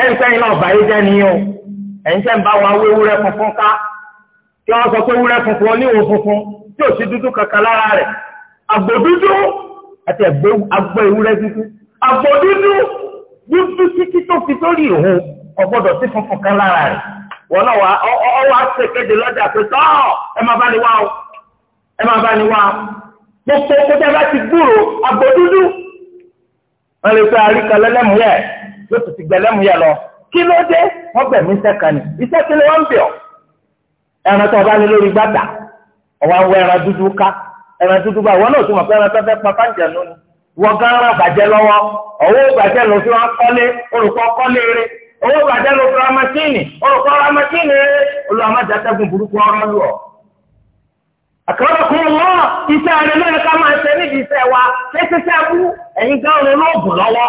ẹ̀rí sẹ́yìn náà báyé jẹ́ ni o ẹ̀yin sẹ́yìn bá wọn awé wúrẹ́ funfun ká kí wọ́n sọ pé wúrẹ́ funfun oníwò funfun tí ò sí dúdú kankan lára rẹ̀ àgbò dúdú àti àgbò ewúrẹ́ dúdú àgbò dúdú dúdú títí tó fi sórí ìhun ọ̀gbọ́dọ̀ sí funfun kan lára rẹ̀ wọn náà ọwọ́ àti kéde lọ́jà pé tọ́ ẹ máa bá ní wá o ẹ máa bá ní wá o gbogbo kótó ẹ bá ti gbúrò àgbò dúdú wọn lè fẹ́ àríkà ti gbẹ̀lẹ́mú yẹ lọ kí ló dé wọn gbẹ̀mí iṣẹ́ kan ní iṣẹ́ kí ló wọ́n ń bì ọ́ ẹran tó o bá ní lórí gbàgbà owó bàjẹ́ ló fura machine olùkọ́ ra machine olùwà má jàdẹ́gùn burúkú ọ̀rọ̀ lù ọ́. àkàrà kún un lọ iṣẹ́ rẹ̀ náà ká máa ṣe níbi iṣẹ́ wa ṣéṣiṣẹ́ bú ẹ̀yin gáwọn olóògùn lọ́wọ́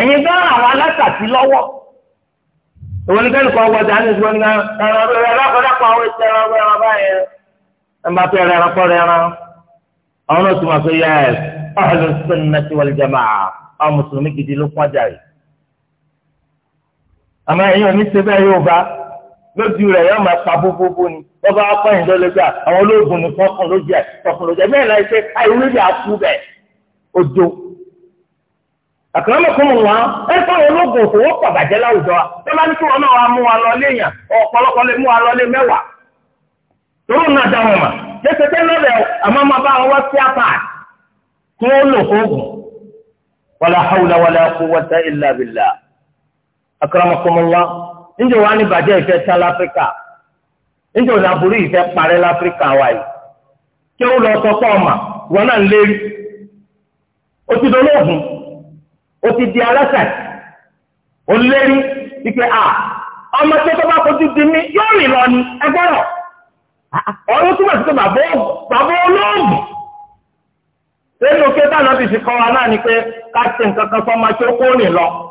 ẹ̀yin gáwọn àwọn alátàtì lọ́wọ́ ìwọ ní kẹ́lùkọ́ ọgbọ́dà ní ìṣúná nígbà ẹ̀rọ ẹ̀rọ ẹ̀rọ ẹ̀rọ ẹ̀rọ àmọ́ ẹ̀yin òní ṣe bẹ́ẹ̀ yóò bá lójú rẹ̀ yóò máa pa bóbóbó ni wọ́n bá wá pẹ́yìn lọ́lọ́gbà àwọn olóògùn ní fọ́kàn lójú ẹ̀ fọ́kàn lójú ẹ̀ bẹ́ẹ̀ láì ṣe àìwúlẹ̀ àkú bẹ̀ ojo. àkàràmọ̀kùnrin wa ẹ fọ́n olóògùn òfòwò pàbàjẹ́ láwùjọ wa tó bá ní kí wọn náà wá mú wa lọ léèyàn ọ̀pọ̀lọpọ̀ lè mú wa lọ lé mẹ́wàá. torí náà dá wọn mà jẹ́sẹ̀ tẹ́ lọ́rẹ̀ àmọ́ máa bá wọn wá sí apá tí wọ́n lò fóògùn. wàlá hàwùlà wàlá kúwwata ìllà billah akara níjẹ́ wàá ní bàjẹ́ ìfẹ́ tán lafrika níjẹ́ òní aburú abụrụ ise láfíríkà wa yìí kí ụlọ lọ sọ ruo na wọn náà ń lérí otu ti dolóògùn dikwe ti di a ọmọ tí tó bá fojú di yóò rìn lọ ni ẹgbẹ́rọ̀ ọ̀rọ̀ bá wa náà ni pé nǹkan kan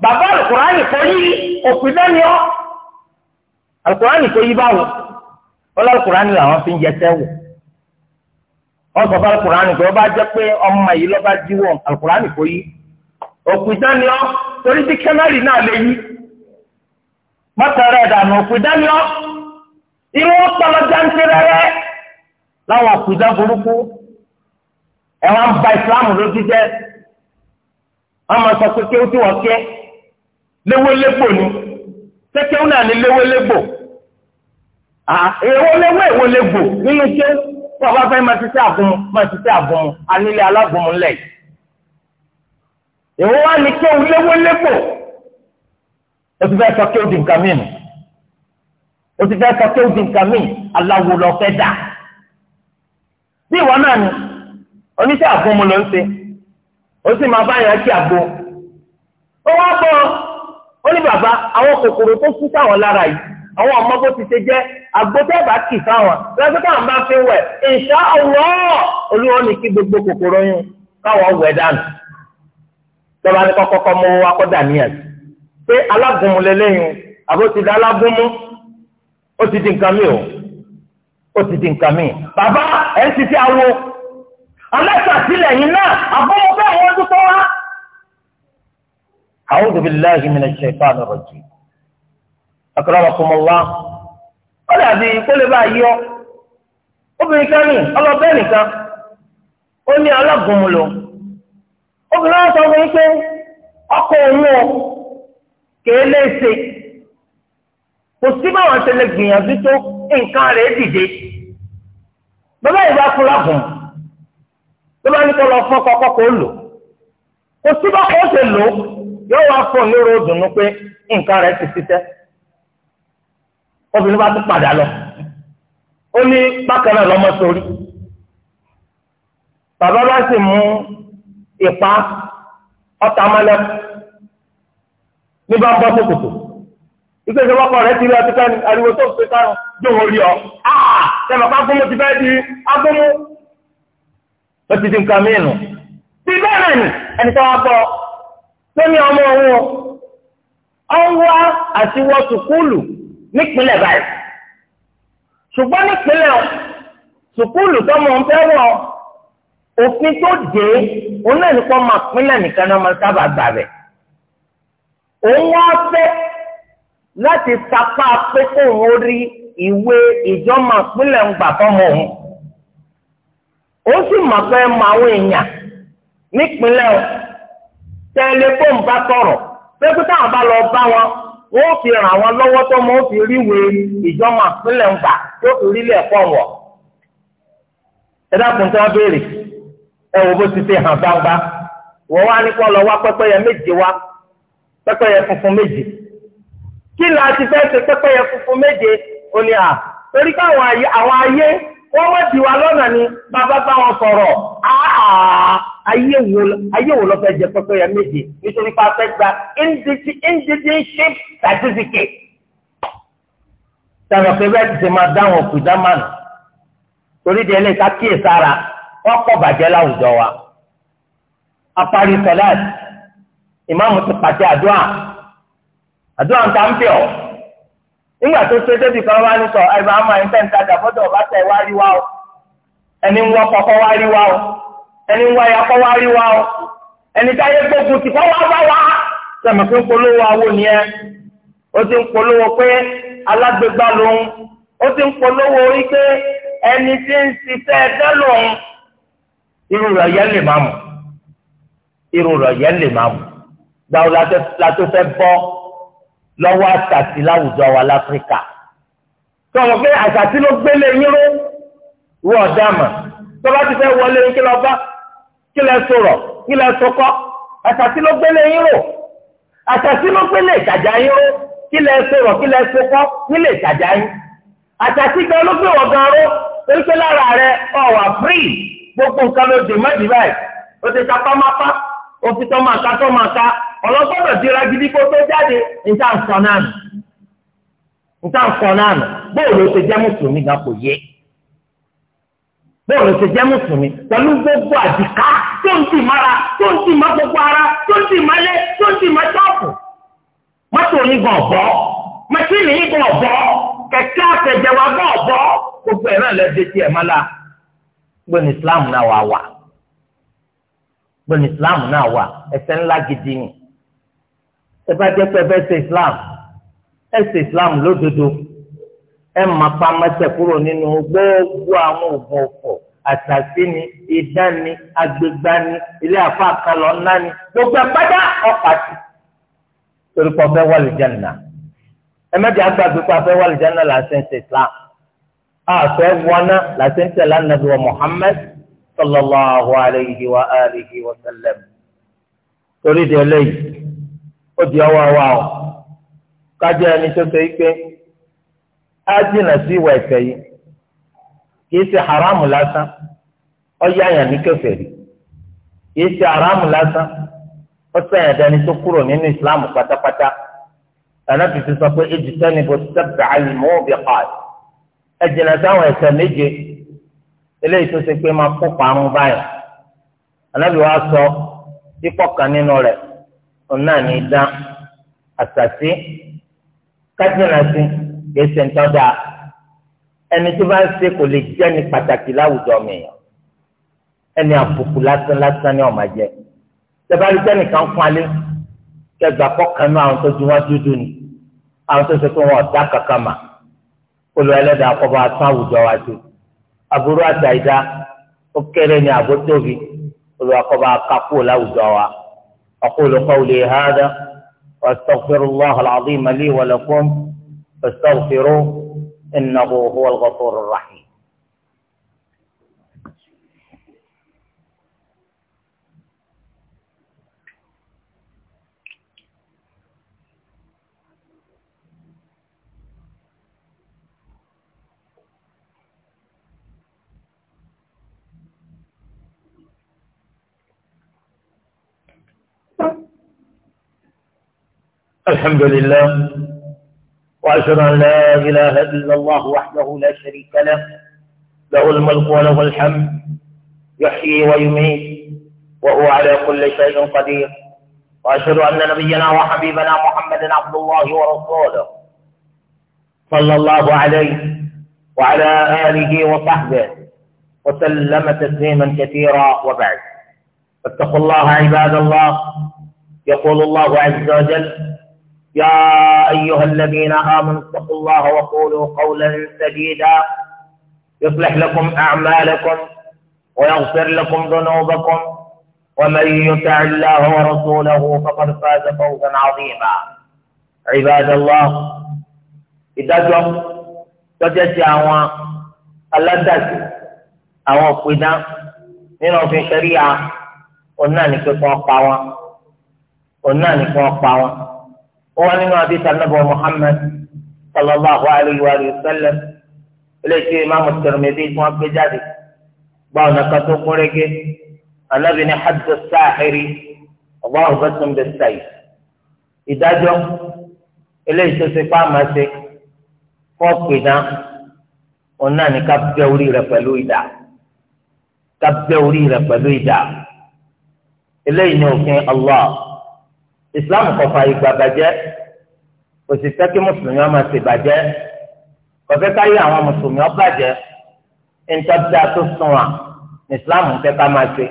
bàbá alukurani kò yí òpin lẹ́ni ọ́ alukurani kò yí báwo ọlọ́ alukurani làwọn fi ń yẹsẹ́ wò wọ́n sọ fún alukurani jẹ́ pé ọmọ yìí lọ́ba jíwọ́ alukurani kò yí òpin ọ́ torí náà lè yí mọ́tàrà ẹ̀dànù òpin ọ́ irú láwọn òpin burúkú ba ìsìlámù lójú jẹ́ wọ́n sọ pé wọ́n léwélégbò ni tẹ́tẹ́ náà ni léwélégbò èwo léwé èwo légbò nínú iṣẹ́ wọ́n bá fẹ́ máa ti tẹ́ àbùmù máa ti tẹ́ àbùmù anílé alábùmù lẹ̀ èwo wá ní kéwù léwélégbò o ti fẹ́ sọ kéwù di nǹkan mìíràn o ti fẹ́ sọ kéwù di nǹkan mìíràn aláwo lọ fẹ́ dà bí ìwọ náà ni oníṣẹ́ àbùmù ló ń ṣe ó sì máa bá yàn kí àgbo ó wá bọ́ ó ní bàbá àwọn kòkòrò tó sún sáwọn lára yìí àwọn ọmọ bó ti ṣe jẹ́ àgbótẹ́bà kì sáwọn lọ́sọ́ táwọn bá fi wẹ̀ insha Allah olúwa ní kí gbogbo kòkòrò yín káwọn wẹ̀ dànù tọ́ba ní kọ́kọ́kọ́ mọ́ wá kọ́ dàníyàn pé alágùnmu lélẹ́yìn àbó ti di alágúnmu ó ti di nǹkan mi o ó ti di nǹkan mi bàbá ẹ̀ ń ṣiṣẹ́ awo alẹ́ sàtìlẹ̀yìn náà àbọ̀wọ́ bẹ́ẹ̀ wọ́n tó wá a'udhu billahi minash shaitani rajim akramakumullah ó dàbí kólé bá yọ obìnrin kan ní ọlọ́bẹ̀ nìkan ó ní alágùnmùlò obìnrin wọn sọ fún yín pé ọkọ òun o kèé léṣe kò sí báwọn ṣe lè gbìyànjú tó nǹkan rẹ̀ dìde bàbá ìgbà fúnra gùn tó bá ní kó lọ fún ọkọ ọkọ kò lò kò sí bá kó ṣe lò ó yóò wá fún lérò dùnú pé nǹkan rẹ̀ ti ti tẹ́ obìnrin bá tún padà lọ ó ní bákan náà lọ́mọ sórí bàbá bá sì mú ìpa ọta mọ́lẹ́ ní bá ń bọ́ sókòtò ìgbé ìjọba ọkọ rẹ ti rí ọtí káni ariwo tó fi kárùn jòwó rí ọ ah! áà tẹmọ kágúnmú ti fẹẹ di agúnmú ó ti di nǹkan mìíràn ti bẹ́ẹ̀ náà ni ẹni tó wá bọ́ tó ní ọmọ òun ọwọ́ àti wọ sùkúlù nípínlẹ̀ báyìí ṣùgbọ́n nípínlẹ̀ sùkúlù tọmọ ń fẹ́ wọ̀ òfin tó dé òun náà nìkan máa pínlẹ̀ nìkan náà máa sábà gbà bẹ̀ òun wá fẹ́ láti sapá pé kóun ó rí ìwé ìjọ́mọ̀ pínlẹ̀ ń gbà fọ́mọ òun ó sì mọ̀ pé mọ àwọn èèyàn nípínlẹ̀ tẹlifóònù bá sọ̀rọ̀ pẹ́kú táwọn bá lọ bá wọn wọ́n fi ràn wọ́n lọ́wọ́ tó wọ́n fi ríwe ìjọba àpilẹ̀ ń gbà tó fi rí lẹ́ẹ̀kọ́ wọ̀. ẹ dákun tí wọ́n béèrè ẹ wo bó ti fi hàn gbangba wọ́n wá ní kó lọ wá pẹ́pẹ́yẹ méje wá pẹ́pẹ́yẹ funfun méje kí ni a ti fẹ́ ṣe pẹ́pẹ́yẹ funfun méje ó ní à torí káwọn àwọn ayé wọ́n wá di wa lọ́nà ni bàbá bá wọn sọ̀rọ̀ áà. ayé wo lọ ya jẹ pẹ́pẹ́yẹ méje nítorí pé a fẹ́ gba indigenship certificate sọ̀rọ̀ pé bẹ́ẹ̀ ti ṣe máa dáhùn òkú dámànù torí di ẹlẹ́ka kíyè sára wọ́n pọ̀ bàjẹ́ láwùjọ wa apari sọ̀láàtì ìmáàmù ti pàṣẹ àdúrà àdúrà ń ta ń bẹ̀ ọ́ nígbà tó ṣe débi kan wá ní sọ àìbá àmọ́ àyíntẹ́ ń tajà fọ́tò ọ̀bá tẹ̀ wá rí wa o ẹni ń wọ́ wá rí wa o. ẹni wá ya kọ́ wá rí wa o ẹni tí ayé gbógun ti kọ́ wá bá wa sẹ̀mọ̀ fi ń polówó awo nìyẹn ó ti ń polówó pé alágbègbà lòun ó ti ń polówó wípé ẹni tí ń ṣiṣẹ́ ẹgbẹ́ lòun irú rẹ̀ yẹn lè má mọ̀ irú rẹ̀ yẹn lè má mọ̀ gbàù látó fẹ́ bọ́ lọ́wọ́ àtàtì láwùjọ wa láfíríkà tọ́wọ́ pé àtàtì ló gbélé yín ló wọ́ọ̀dà mà tọ́ba ti fẹ́ wọlé yín kí lọ́ọ́ bá kí lẹ sọ̀rọ̀ kí lẹ sọkọ àtàtí ló gbélé yín rò àtàtí ló gbélé ìtajà yín rò kí lẹ sọ̀rọ̀ kí lẹ sọkọ kí lè ìtajà yín àtàtí gan ló gbé wọn gan ró torí pé lára rẹ ọwà fírì gbogbo nǹkan ló dè má dìbà yìí o ti sapá má pa o fi tọ́ máa ka tọ́ máa ka ọlọ́gbọ́dọ̀ dira gidi kó tó jáde níta nǹkan náà nǹkan náà bóòlù ó ti jẹ́ mùsùlùmí gan kò yé bóòlù ṣe jẹ́ mùsùlùmí pẹ̀lú gbogbo àdìká tó ń tì mára tó ń tì má gbogbo ara tó ń tì málẹ̀ tó ń tì má ṣọ́ọ̀pù mọ́tò onígun ọ̀bọ mẹsìnì igun ọ̀bọ kẹ̀kẹ́ àtẹ̀jẹ̀wá gan ọ̀bọ gbogbo ẹ̀ náà lẹ́dẹ̀ tí ẹ̀ má la gbọ́n Islam náà wà wà gbọ́n Islam náà wà ẹsẹ̀ ńlá gidi ni ẹ bá jẹ́ pé ẹ fẹ́ ṣe Islam ẹ ṣe Islam lódodo ẹ máa pa mẹsẹ̀ kúrò nínú gbogbo àwọn oògùn ọ̀fọ̀ àtàsíni ìdáni agbègbani ilé àfa àkàlọ̀ ńlá ni gbogbo àgbàdá ọ̀pá sí. torí pé ọfẹ́ wà lìjánà ẹ mẹ́jọ àgbàgbé pé wà lìjánà làásẹ̀ ń ṣe Islam àfẹ́ wọná làásẹ̀ ń tẹ̀lé ànábì wa Muhammad sallallahu alayhi wa alihi wa sallam. torí di eléyìí ó di ọwọ́ wa o kájọ ẹni tó ṣe é á jìnnà sí ìwà ẹ̀ṣẹ̀ yìí kìí ṣe haramu lásán ọyẹ àyàn ní kèfèrí kìí ṣe haramu lásán ọsẹ ẹdẹni tó kúrò nínú islam pátápátá tànàbí ti sọ pé ejì sẹni bó sẹbẹ àlùmọ òbí pààyè ẹ jìnnà sáwọn ẹ̀ṣẹ̀ méje eléyìí tó ṣe pé máa kó parun báyìí ànábì wa sọ kan nínú ní dán sí. gbèsè ń tọ́da ẹni tó bá ń ṣe kò lè jẹ́ ní pàtàkì láwùjọ mìíràn ẹni àbùkù lásán lásán ni ọ̀ma jẹ tẹ́bárí tẹ́nìkan fún alẹ́ kẹgbà kọ́kànnú àwọn tó ju wọn dúdú ni àwọn tó ṣe pé wọn ọ̀dà kankan mà olú ẹlẹ́dàá kọ́ba àwùjọ wa jù àbúrò àti ó kéré ní àbó tóbi olú akọ́ba kápò láwùjọ wa aqulu qawli hadha wa astaghfirullaha al-azima li wa lakum. فاستغفروه إنه هو الغفور الرحيم الحمد لله وأشهد أن لا إله إلا الله وحده لا شريك له له الملك وله الحمد يحيي ويميت وهو على كل شيء قدير وأشهد أن نبينا وحبيبنا محمدا عبد الله ورسوله صلى الله عليه وعلى آله وصحبه وسلم تسليما كثيرا وبعد فاتقوا الله عباد الله يقول الله عز وجل يا أيها الذين آمنوا اتقوا الله وقولوا قولا سديدا يصلح لكم أعمالكم ويغفر لكم ذنوبكم ومن يطع الله ورسوله فقد فاز فوزا عظيما عباد الله إذا جم تجد àwọn aládàsí àwọn قدا من في الشريعة òun náà ní pé kí wọ́n wọ́n nínú àdìsá nàbọ̀ Muhammad sallallahu alayhi wa sallam iléeṣẹ́ ìmáàmù Tirmidhi tí wọ́n gbé jáde gba ọ̀nà kan tó kún régé anábì ní hajj sáàhìrì ọ̀gbọ́n ọ̀gbẹ́sùn bẹ́ẹ̀ sáyé ìdájọ́ eléyìí tó ṣe pa àmà ṣe kọ́ pè dán òun náà ní ká orí rẹ̀ pẹ̀lú ìdá ká orí rẹ̀ pẹ̀lú ìdá eléyìí òfin Allah islam kò fa ìgbà bàjẹ́ kò sì fẹ́ kí mùsùlùmí ọmọ sì bàjẹ́ kò fẹ́ àwọn mùsùlùmí ọ bàjẹ́ tó sùn wà islam fẹ́ ká máa ṣe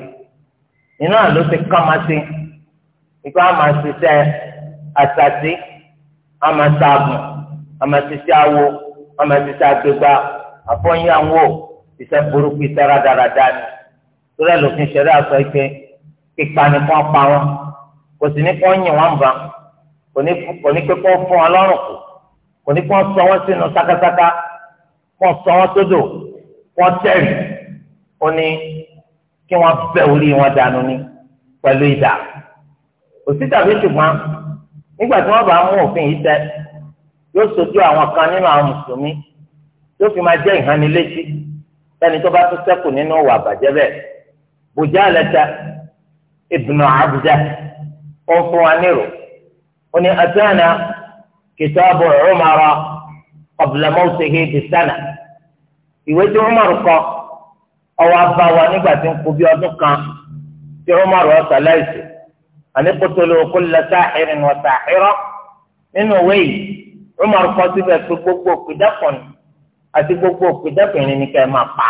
iná ló ti ká máa ṣe ikú àmà ṣiṣẹ́ àṣàṣì àmà ṣàgùn àmà ṣiṣẹ́ awo àmà ṣiṣẹ́ agbègbà àfọyín àwọn ìṣe burúkú ìṣe rádaràdà ni tó rẹ̀ lófin ṣẹlẹ̀ àṣọ ike kíkpa pa wọn kò sì ní kó yìn wọn bá kò ní pé kó fún wọn lọ́rùn kù kò ní kó sọ wọn sínú sákásáká kó sọ wọn sódò kó tẹ̀rì ó ní kí wọ́n bẹ́ orí wọn dànù ní pẹ̀lú idà òsì tàbí ṣùgbọ́n nígbà tí wọ́n bá mú òfin yìí tẹ yóò sojú àwọn kan nínú àwọn mùsùlùmí yóò fi máa jẹ́ ìhánilétí sẹ́ni tó bá tún ṣẹ́kù nínú ìwà àbàjẹ́ bẹ́ẹ̀ bùjá lẹ́tà ibnu abdá. ọ̀fun anírò ó ní àtẹ́nà kìtàbù Umara qabla mawtihi bisana ìwé tí Umar kọ ọwọ́ abá wa nígbà tí ń kú bí ọdún kan tí Umar ọ̀sà láìsí àníkótóló kulla sahirin wa sahira nínú òwe yìí Umar kọ síbẹ̀ pé gbogbo àti gbogbo ẹ máa pa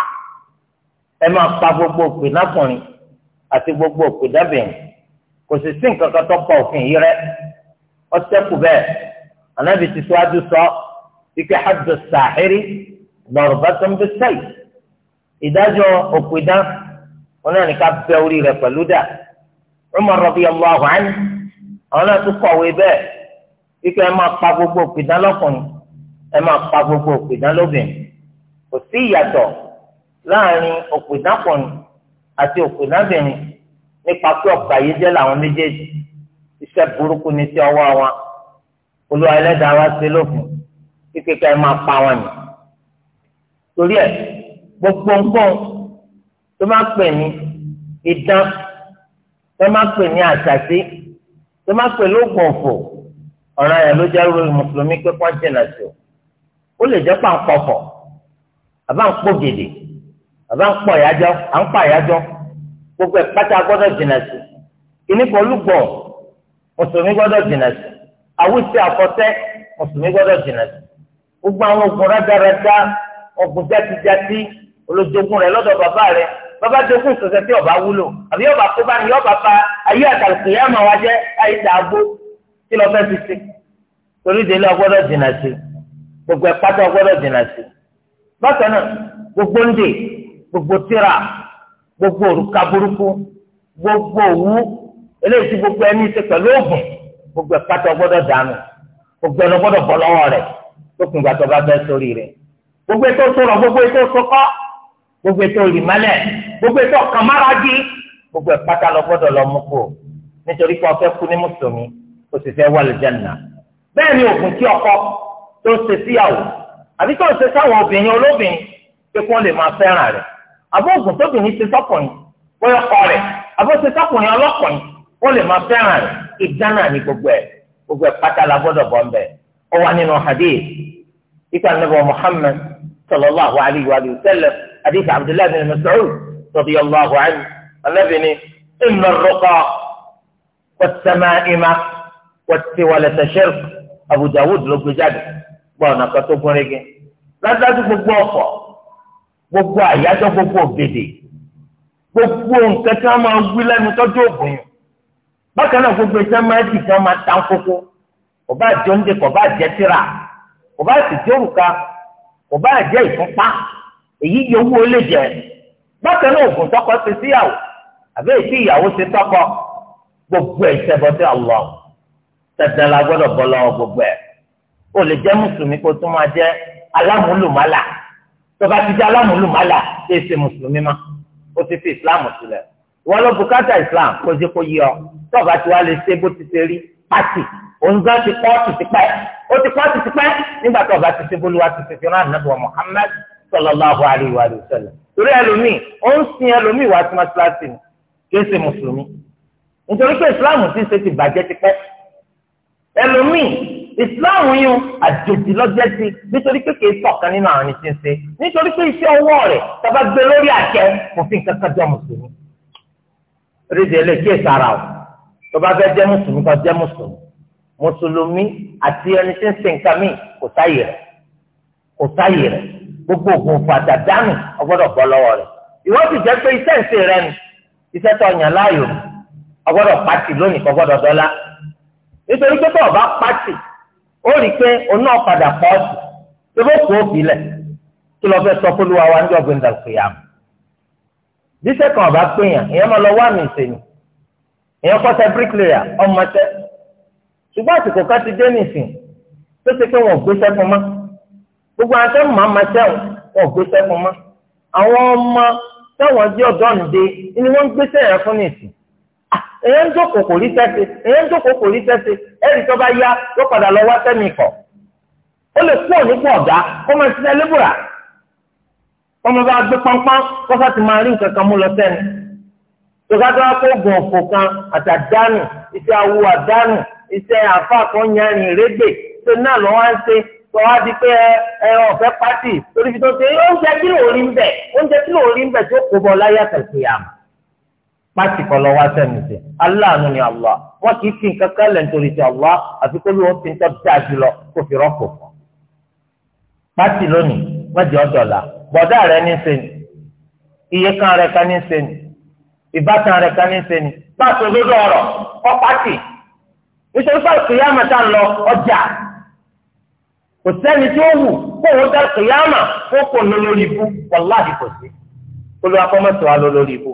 ẹ máa pa gbogbo àti gbogbo kò sì sí nǹkan kan tó pa òfin yìí rẹ ọsẹkù bẹ́ẹ̀ anabi ti síwájú sọ ike hajj sàhírí darbatun bis-sayf ìdájọ́ òpìdán wọn náà ní ká bẹ orí rẹ pẹ̀lú dà Umar radiyallahu anhu àwọn náà tún kọ̀wé bẹ́ẹ̀ ike ẹ máa pa gbogbo òpìdán lọ́kùnrin ẹ máa pa gbogbo òpìdán lóbìnrin kò sí ìyàtọ̀ láàrin òpìdán kùnrin àti òpìdán bìnrin nípa pé ọ̀pọ̀ ayé jẹ́ làwọn méjèèjì iṣẹ́ burúkú ni sí ọwọ́ wọn olúwa ẹlẹ́dàá wa ṣe lófin kíkẹ́ ká ẹ máa pa wọn nì. torí ẹ gbogbo nǹkan tó máa pè ní idán tó máa pè ní àṣàṣì tó máa pè lóògùn òfò ọ̀ràn yẹn ló jẹ́ lórí mùsùlùmí pé jìnnà sí o ó lè jẹ́ pàǹpọ̀fọ̀ àbá ń pò gèdè àbá ń pọ̀ ìyájọ́ à ń pa ìyájọ́ gbogbo ẹ̀pátá gbọ́dọ̀ jìnà sí ìníkọ̀ olúgbọ̀ mùsùlùmí gbọ́dọ̀ jìnà sí àwùjọ àfọ̀tẹ́ mùsùlùmí gbọ́dọ̀ jìnà sí gbogbo àwọn ogun rádaràda ogun játijàti olójogun rẹ lọ́dọ̀ bàbá rẹ bàbá jogun sọ̀sẹ̀ tí ọba wúlò àbí ọba kó bá ní ọba pa ayé àtàlùkù yá máa wá jẹ́ ayé dàgbó tí lọ fẹ́ fi ṣe torí délé ọgbọ́dọ̀ jìnà sí gbogbo ẹ̀pátá ọgbọ́dọ̀ jìnà sí bákan náà gbogbo ń gbogbo òrùka burúkú gbogbo òwú eléyìí tí gbogbo ẹni ṣe pẹ̀lú òògùn gbogbo ẹ̀ pátá gbọ́dọ̀ dànù gbogbo ẹ̀ lọ gbọ́dọ̀ bọ́ lọ́wọ́ rẹ̀ lókun ìgbà tó bá bẹ́ sórí rẹ̀ gbogbo ètò sọ̀rọ̀ gbogbo ètò sọkọ́ gbogbo ètò ìrìmọ́lẹ̀ gbogbo ètò kàmáradì gbogbo ẹ̀ pátá lọ gbọ́dọ̀ lọ mú kó nítorí pé ọfẹ́ kú ní mùsùlùmí o sì fẹ́ wà lùjánà bẹ́ẹ̀ ni òògùn tí ọkọ tó ṣe síyàwó àbí tó ṣe sáwọn obìnrin olóbìnrin pé kí wọ́n lè máa fẹ́ràn rẹ̀ abóògùn tóbìnrin ti sọ́kùnrin bóyá ọkọ rẹ̀ abóòsè sọ́kùnrin ọlọ́kùnrin wọ́n lè máa fẹ́ràn rẹ̀ ìdáná ní gbogbo ẹ̀ gbogbo ẹ̀ pátá la gbọ́dọ̀ bọ́ ń bẹ̀ ọ wà nínú hadith ikú anábọ̀ Muhammad sallallahu alayhi wa sallam hadith Abdullahi bin Mas'ud radiyallahu anhu anábìíní inna ar-ruqa was-sama'ima wat-tiwalata shirk Abu Dawud ló gbé jáde gbọ́ ọ̀nà kan tó gbogbo àyájọ́ gbogbo ògbèdè gbogbo nǹkan tí wọ́n máa wí lẹ́nu tọ́jú ògùn yìí bákan náà gbogbo iṣẹ́ máa dì kí wọ́n máa tán kókó kò bá jẹ oúnjẹ kò bá tíra kò bá òrùka kò bá ìfúnpá èyí yẹ owó lè jẹ bákan náà tọkọ síyàwó gbogbo ise ṣẹbọ Allah la gbogbo o lè mùsùlùmí kó máa alámúlùmálà tọba ti di alámùlùmálà ṣe é ṣe mùsùlùmí ma ó ti fi islam sílẹ̀ wọn lọ bùkátà islam kó jẹ kó yí ọ tọba ti wá lè ṣe bó ti ṣe rí pàtì ònzá ti pọ́ọ̀tù tipẹ́ ó ti pọ́ọ̀tù tipẹ́ nígbà tọba ti ṣe bólúwa ti ṣe fi rán ànábì wa Muhammad sallallahu alayhi wa sallam torí ẹlòmíì ó ń sin ẹlòmíì wá sí masalasi ni kí ó ṣe mùsùlùmí nítorí pé islam ti ṣe ti bàjẹ́ tipẹ́ ẹlòmíì islam yún àjèjì lọ́jẹ́ sí nítorí pé kìí sọ̀kan nínú àwọn ẹni ṣe nítorí pé iṣẹ́ ọwọ́ rẹ̀ tàbá gbé lórí àjẹ kò fi nǹkan kan jẹ́ mùsùlùmí. rédíò lè kí èso ara o tọba fẹ́ jẹ́ mùsùlùmí kan jẹ́ mùsùlùmí mùsùlùmí àti ẹni tí ń ṣe nǹkan míì kò sáyè rẹ̀ kò sáyè rẹ̀ gbogbo ògùn fàdà dánù ọgbọ́dọ̀ bọ́ lọ́wọ́ rẹ̀ ìwọ sì jẹ́ pé iṣẹ́ ìṣe rẹ ni iṣẹ́ tó yàn láàyò ọgbọ́dọ̀ pàtì lónìí kò gbọ́dọ̀ dọ́lá nítorí pé tó o bá pàtì ó rí i pé òun náà padà pọ̀ sí i ebó kò ó bilẹ̀ kí lọ́ọ́ fẹ́ sọ fún luwa wa ní ọ̀gbìn dàgbéyàm jíṣẹ́ kan ọ̀bá péyàn ìyẹn máa lọ wá mi ìsèyìn ìyẹn kọ́ṣẹ́ bíríkìlẹ̀yà ọmọọṣẹ́ ṣùgbọ́n àsìkò ká ti dé nìsín tó ṣe pé wọn ò gbéṣẹ́ fún ma gbogbo àwọn tó ń mọ̀ ọmọọṣẹ́ wọn ò gbéṣẹ́ fún ma àwọn ọmọ táwọn jẹ́ ọ̀dọ́ ni wọ́n ń gbéṣẹ́ yẹn fún nìsín ah, èyàn ń jókòó kò rí sẹ́sẹ̀ èyàn ń jókòó kò rí sẹ́sẹ̀ ẹ̀rí tó bá yá ló padà lọ wá sẹ́mi ìkọ̀ ó lè kú ònípò ọ̀gá kó máa ṣiṣẹ́ lébùrà ọmọ bá gbé pọ́npọ́n kó sá ti máa rí nǹkan kan mú lọ sẹ́nu tòkátà kó gùn òfò kan àtàdánù iṣẹ́ awo àdánù iṣẹ́ àfa kan yanrìn régbè tó náà lọ́wọ́ ń ṣe sọ wá di pé ẹ ọ̀fẹ́ pátì torí fi tó ṣe oúnjẹ kí ló rí ń bẹ̀ oúnjẹ kí ló rí ń bẹ̀ tó kó bọ̀ láyà tẹ̀síyàmù pàtì kọlọ wá sẹ́mi sí aláàánú ni Allah wọn kì í fi nǹkan kan lẹ̀ nítorí ti Allah àti pé wọn fi ń tọ́ dáa jù lọ kó fi rọ́pò fún pàtì lónìí wọ́n jẹ́ ọ̀dọ̀la bọ̀dá rẹ ní sẹ́ni iye kan rẹ kan ní sẹ́ni ìbátan rẹ kan ní sẹ́ni pàtó lójú ọ̀rọ̀ kọ́ pàtì nítorí pé kìyàmà tá ń lọ kò sẹ́ni tí ó wù kó òun dá kìyàmà kó kò lólórí ibú wàláhì kò sí olùwàkọ́mọ̀tò wa lólórí ibú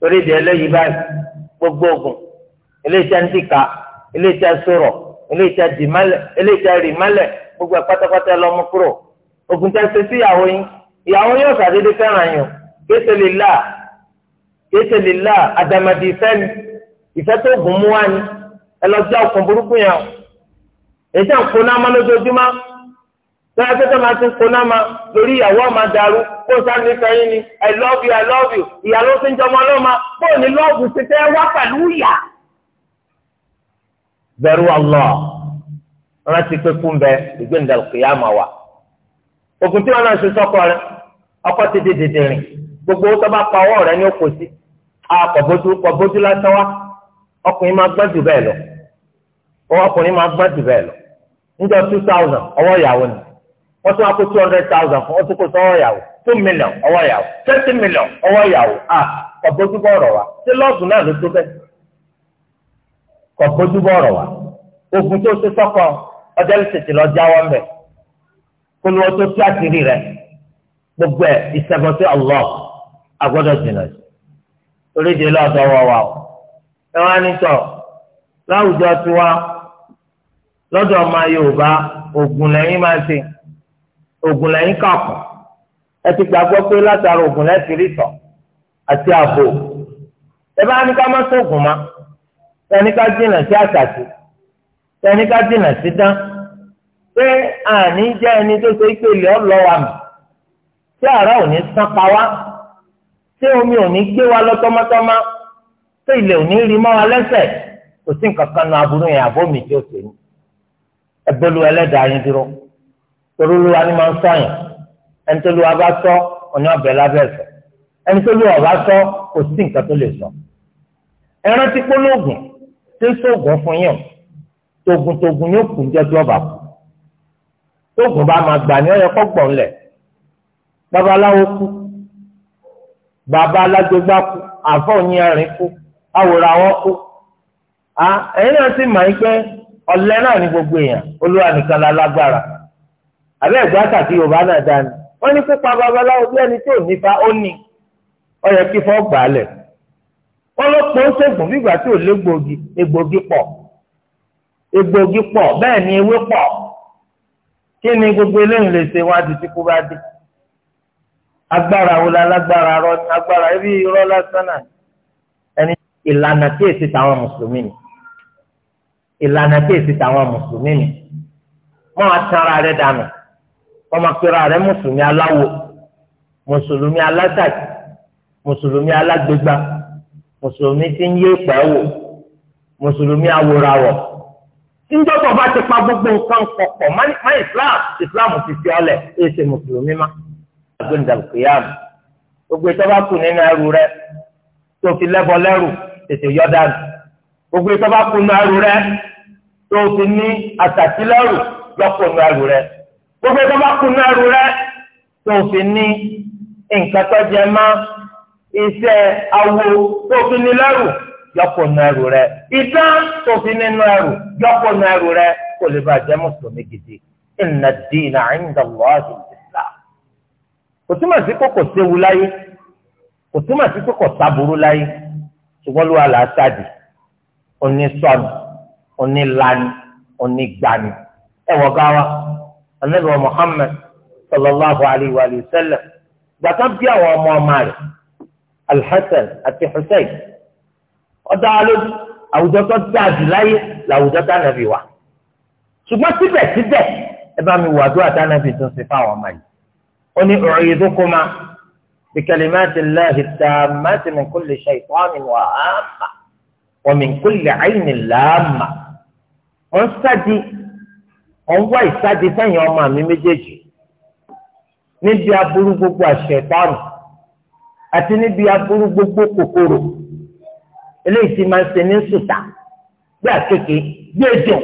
torí ìdí ẹlẹ́yìí báyìí gbogbo oògùn eléyìí tí a ń dìka eléyìí tí a sọ̀rọ̀ eléyìí tí a dì mọ́lẹ̀ eléyìí tí a rì mọ́lẹ̀ gbogbo ẹ̀ pátápátá lọ mú kúrò oògùn tí a ṣe sí ìyàwó yín ìyàwó yóò ṣàdédé fẹ́ràn yín kéṣe lè là kéṣe lè là àdàmàdì ìfẹ́ ni ìfẹ́ tó gùn mú wá ni ẹ lọ jẹ́ ọkùn burúkú yẹn o èyí tí a ń kó náà má lójoojúmọ́ tọ́lá tó tọ́lá ti ń koná ma lórí ìyàwó ọmọ dàrú kó o sáré nípa yín ni i love you i love you ìyàwó tó ń kó o ní lọ́ọ̀bù ti fẹ́ wá pẹ̀lú ìyà. bẹ̀rù Allah rántí pé kún bẹ ìgbéǹdàlù kìyàmà wa òkùn tí wọn náà ṣe sọkọ rẹ ọkọ ti di dìde rìn gbogbo tó bá pa ọwọ́ rẹ ní òkò sí lásán wá ọkùnrin máa wọ́n tún akó two hundred thousand fún ọtún kó sọ́wọ́ ìyàwó two million ọwọ́ ìyàwó thirty million ọwọ́ ìyàwó à kọ̀bójúbọ̀ ọ̀rọ̀ wa ṣé lọ́ọ̀dún náà ló tó bẹ́ẹ̀ kọ̀bójúbọ̀ ọ̀rọ̀ wa ogun tó ṣe sọ́kọ̀ ọjọ́ ìṣèṣì lọ jáwọ́ ń bẹ̀ kó ló tó tí àtìrí rẹ gbogbo ẹ̀ ìṣẹ́gun sí Allah agbọ́dọ̀ jìnnà sí torí di lọ́dọ̀ wọ wa o ẹ wá ní sọ láwùjọ tiwa lọ́dọ̀ ọmọ Yorùbá ògùn lẹ́yìn máa ń ṣe ògùn lẹ́yìn kàpọ̀ ẹ ti gbàgbọ́ pé látara ògùn lẹ́sìn rí sọ àti ààbò ẹ bá ní ká má ma ẹni ká dínà sí àṣàṣì ẹni ká sí dán pé àní jẹ́ ẹni tó ṣe pé ilẹ̀ ọlọ́wà mi tí àrà ò ní sán pa tí omi ò ní gbé lọ tọmọtọmọ tí ilẹ̀ ò ní wa lẹ́sẹ̀ kò sí nǹkan kan nu aburú yẹn tí ó ṣe torí olúwa ni máa ń sọyìn ẹni tó lùwà bá sọ ọ̀nà ọ̀bẹ lábẹ́ ẹ̀sẹ̀ ẹni tó lùwà bá sọ kò sí nǹkan tó lè sọ. ẹran ti polóògùn tí ń sóògùn fún yàn togun-togun yóò kù ní ọjọ́ ọba kù tóògùn bá máa gbà ní ọyọ kọ́gbọ̀n ńlẹ̀ babaláwo kú bàbá alágbègbà kú àfọ̀ yín ẹ̀rín kú àwòrán àwọn kú ah, ẹ̀yin náà sì mọ̀ ẹ́ pé ọ̀lẹ́ náà ní gbogbo èèyàn olúwa nìkan la lágbára àbẹ́ ẹ̀gbọ́n àtàkì yorùbá náà dání wọ́n ní pípa babaláwo bí ẹni tó nípa ó ní ó yẹ kí fọ́ gbà á lẹ̀ wọ́n ló pọ̀ ó ṣègùn bígbà tí ò légbòogi egbòogi pọ̀ egbòogi pọ̀ bẹ́ẹ̀ ni ewé pọ̀ kí ni gbogbo eléyìí lè ṣe wájú tí kú bá dé agbára wo la lágbára rọ ní agbára ibi irọ́ lásán náà ẹni ìlànà tí èsì táwọn mùsùlùmí ni ìlànà tí èsì táwọn mùsùlùmí ni mọ́ àtàrà rẹ̀ dànù wọ́n máa pera rẹ̀ mùsùlùmí aláwo mùsùlùmí alátàkì mùsùlùmí alágbègbà mùsùlùmí tí ń yé pẹ́ wò mùsùlùmí awòràwọ̀ ńjọ́bọ̀ bá ti pa gbogbo nǹkan pọ̀pọ̀ má islam islam ti fi ọlẹ̀ ẹ ṣe mùsùlùmí má agbẹ́ndàkìyàm gbogbo ìtọ́ bá kù nínú ẹrù rẹ tó fi lẹ́bọ lẹ́rù tètè yọ dànù gbogbo ìtọ́ bá kù nínú ẹrù rẹ tó fi ní gbogbo tó bá kún náà rẹ tó fi ní nǹkan tó jẹ mọ́ iṣẹ́ awo tó fi ní lẹ́rù yọkọ nẹrù rẹ ìdá tó fi nínú ẹrù yọkọ rẹ kò lè bàjẹ́ mùsùlùmí gidi di na 'inda Allahi al kò túmọ̀ sí kò kò séwu láyé kò túmọ̀ anabi wa muhammed sallallahu alayhi wa sallam gbàtà bí àwọn ọmọ ọmọ rẹ̀ alhassan àti hussein ọdọ alójú àwùjọ tó dáa jù láyé làwùjọ tá nàbì wà ṣùgbọ́n síbẹ̀síbẹ̀ ẹ bá mi wà dúrà tá nàbì tó ń ṣe fáwọn ọmọ yìí ó ní u'idhukuma bi kalimatillahi tammati min kulli shaytanin wa amma wa min kulli aynin lamma wọ́n sáàdì ọ̀n wá ìsádi fẹ́yìn ọmọ mi méjèèjì níbi aburú gbogbo àṣẹ̀tánù àti níbi aburú gbogbo kòkòrò eléyìí ti máa ń ṣe ní sùtà bí àkekè bí ejò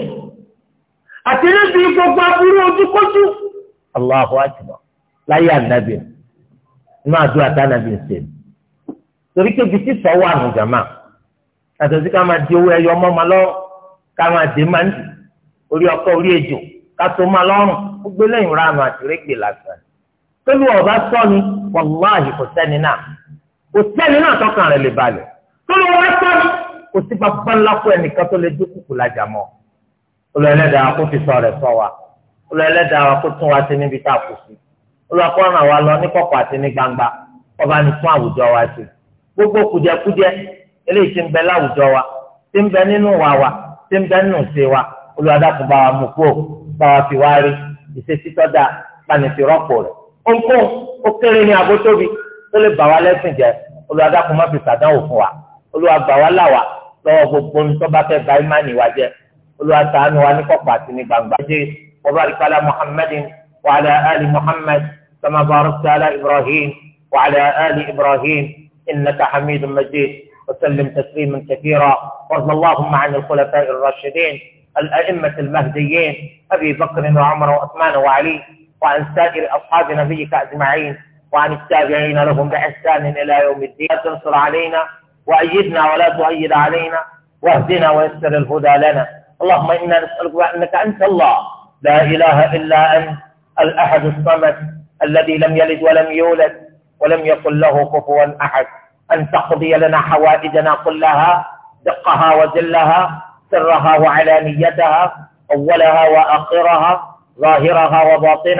àti níbi gbogbo aburú ojúkójú Allahu akbar láyé ànábì inú àdúrà tánàbì ń ṣe torí kébi tí sọ wà nù jàmá àtọ̀sí máa di owó ẹyọ mọ́ ma lọ ká máa dé máa ń dì orí ọkọ orí ejò kátó máa lọ́rùn ó gbé lẹ́yìn ránù àtìrégbè lásán pẹ̀lú ọba sọ́ni wàláhì kò sẹ́ni náà kò sẹ́ni náà tọkàn rẹ̀ lè balẹ̀ pẹ̀lú ọba sọ́ni kò sí bàbá ńlá fún ẹnìkan tó lè dúkùkù lájà mọ́ olùẹlẹ́dàá kó fi sọ rẹ̀ sọ wa olùẹlẹ́dàá kó tún wa sí níbi tá a kù sí olùwàkọ́ràn wa lọ ní kọ̀kọ̀ àti ní gbangba ọba ní fún àwùjọ wa sí gbogbo kùjẹkùjẹ eléyìí tí ń bẹ láwùjọ wa tí ń bẹ nínú wa wa tí ń bẹ nínú sí wa olùwàdàkùn bá wa mú kúrò báwa fi wá rí ìṣesí tọ́da panìtì rọ́pò rẹ̀ ohunkóhun ó kéré ní abó tóbi tó lè bà wá lẹ́sìn jẹ́ Olúwa dákun má fi ṣàdánwò fún wa Olúwa gbà wá là wá lọ́wọ́ gbogbo ní tó bá fẹ́ wa jẹ́ Olúwa wa ní kọ̀kọ̀ àti ní gbangba. وبارك على محمد وعلى آل محمد كما باركت على إبراهيم وعلى آل إبراهيم إنك حميد مجيد وسلم تسليما كثيرا وارض اللهم عن الخلفاء الراشدين الأئمة المهديين أبي بكر وعمر وعثمان وعلي وعن سائر أصحاب نبيك أجمعين وعن التابعين لهم بإحسان إلى يوم الدين لا تنصر علينا وأيدنا ولا تؤيد علينا واهدنا ويسر الهدى لنا اللهم إنا نسألك بأنك أنت الله لا إله إلا أنت الأحد الصمد الذي لم يلد ولم يولد ولم يكن له كفوا أحد أن تقضي لنا حوائجنا كلها دقها وجلها سرها وعلانيتها أولها وآخرها ظاهرها وباطنها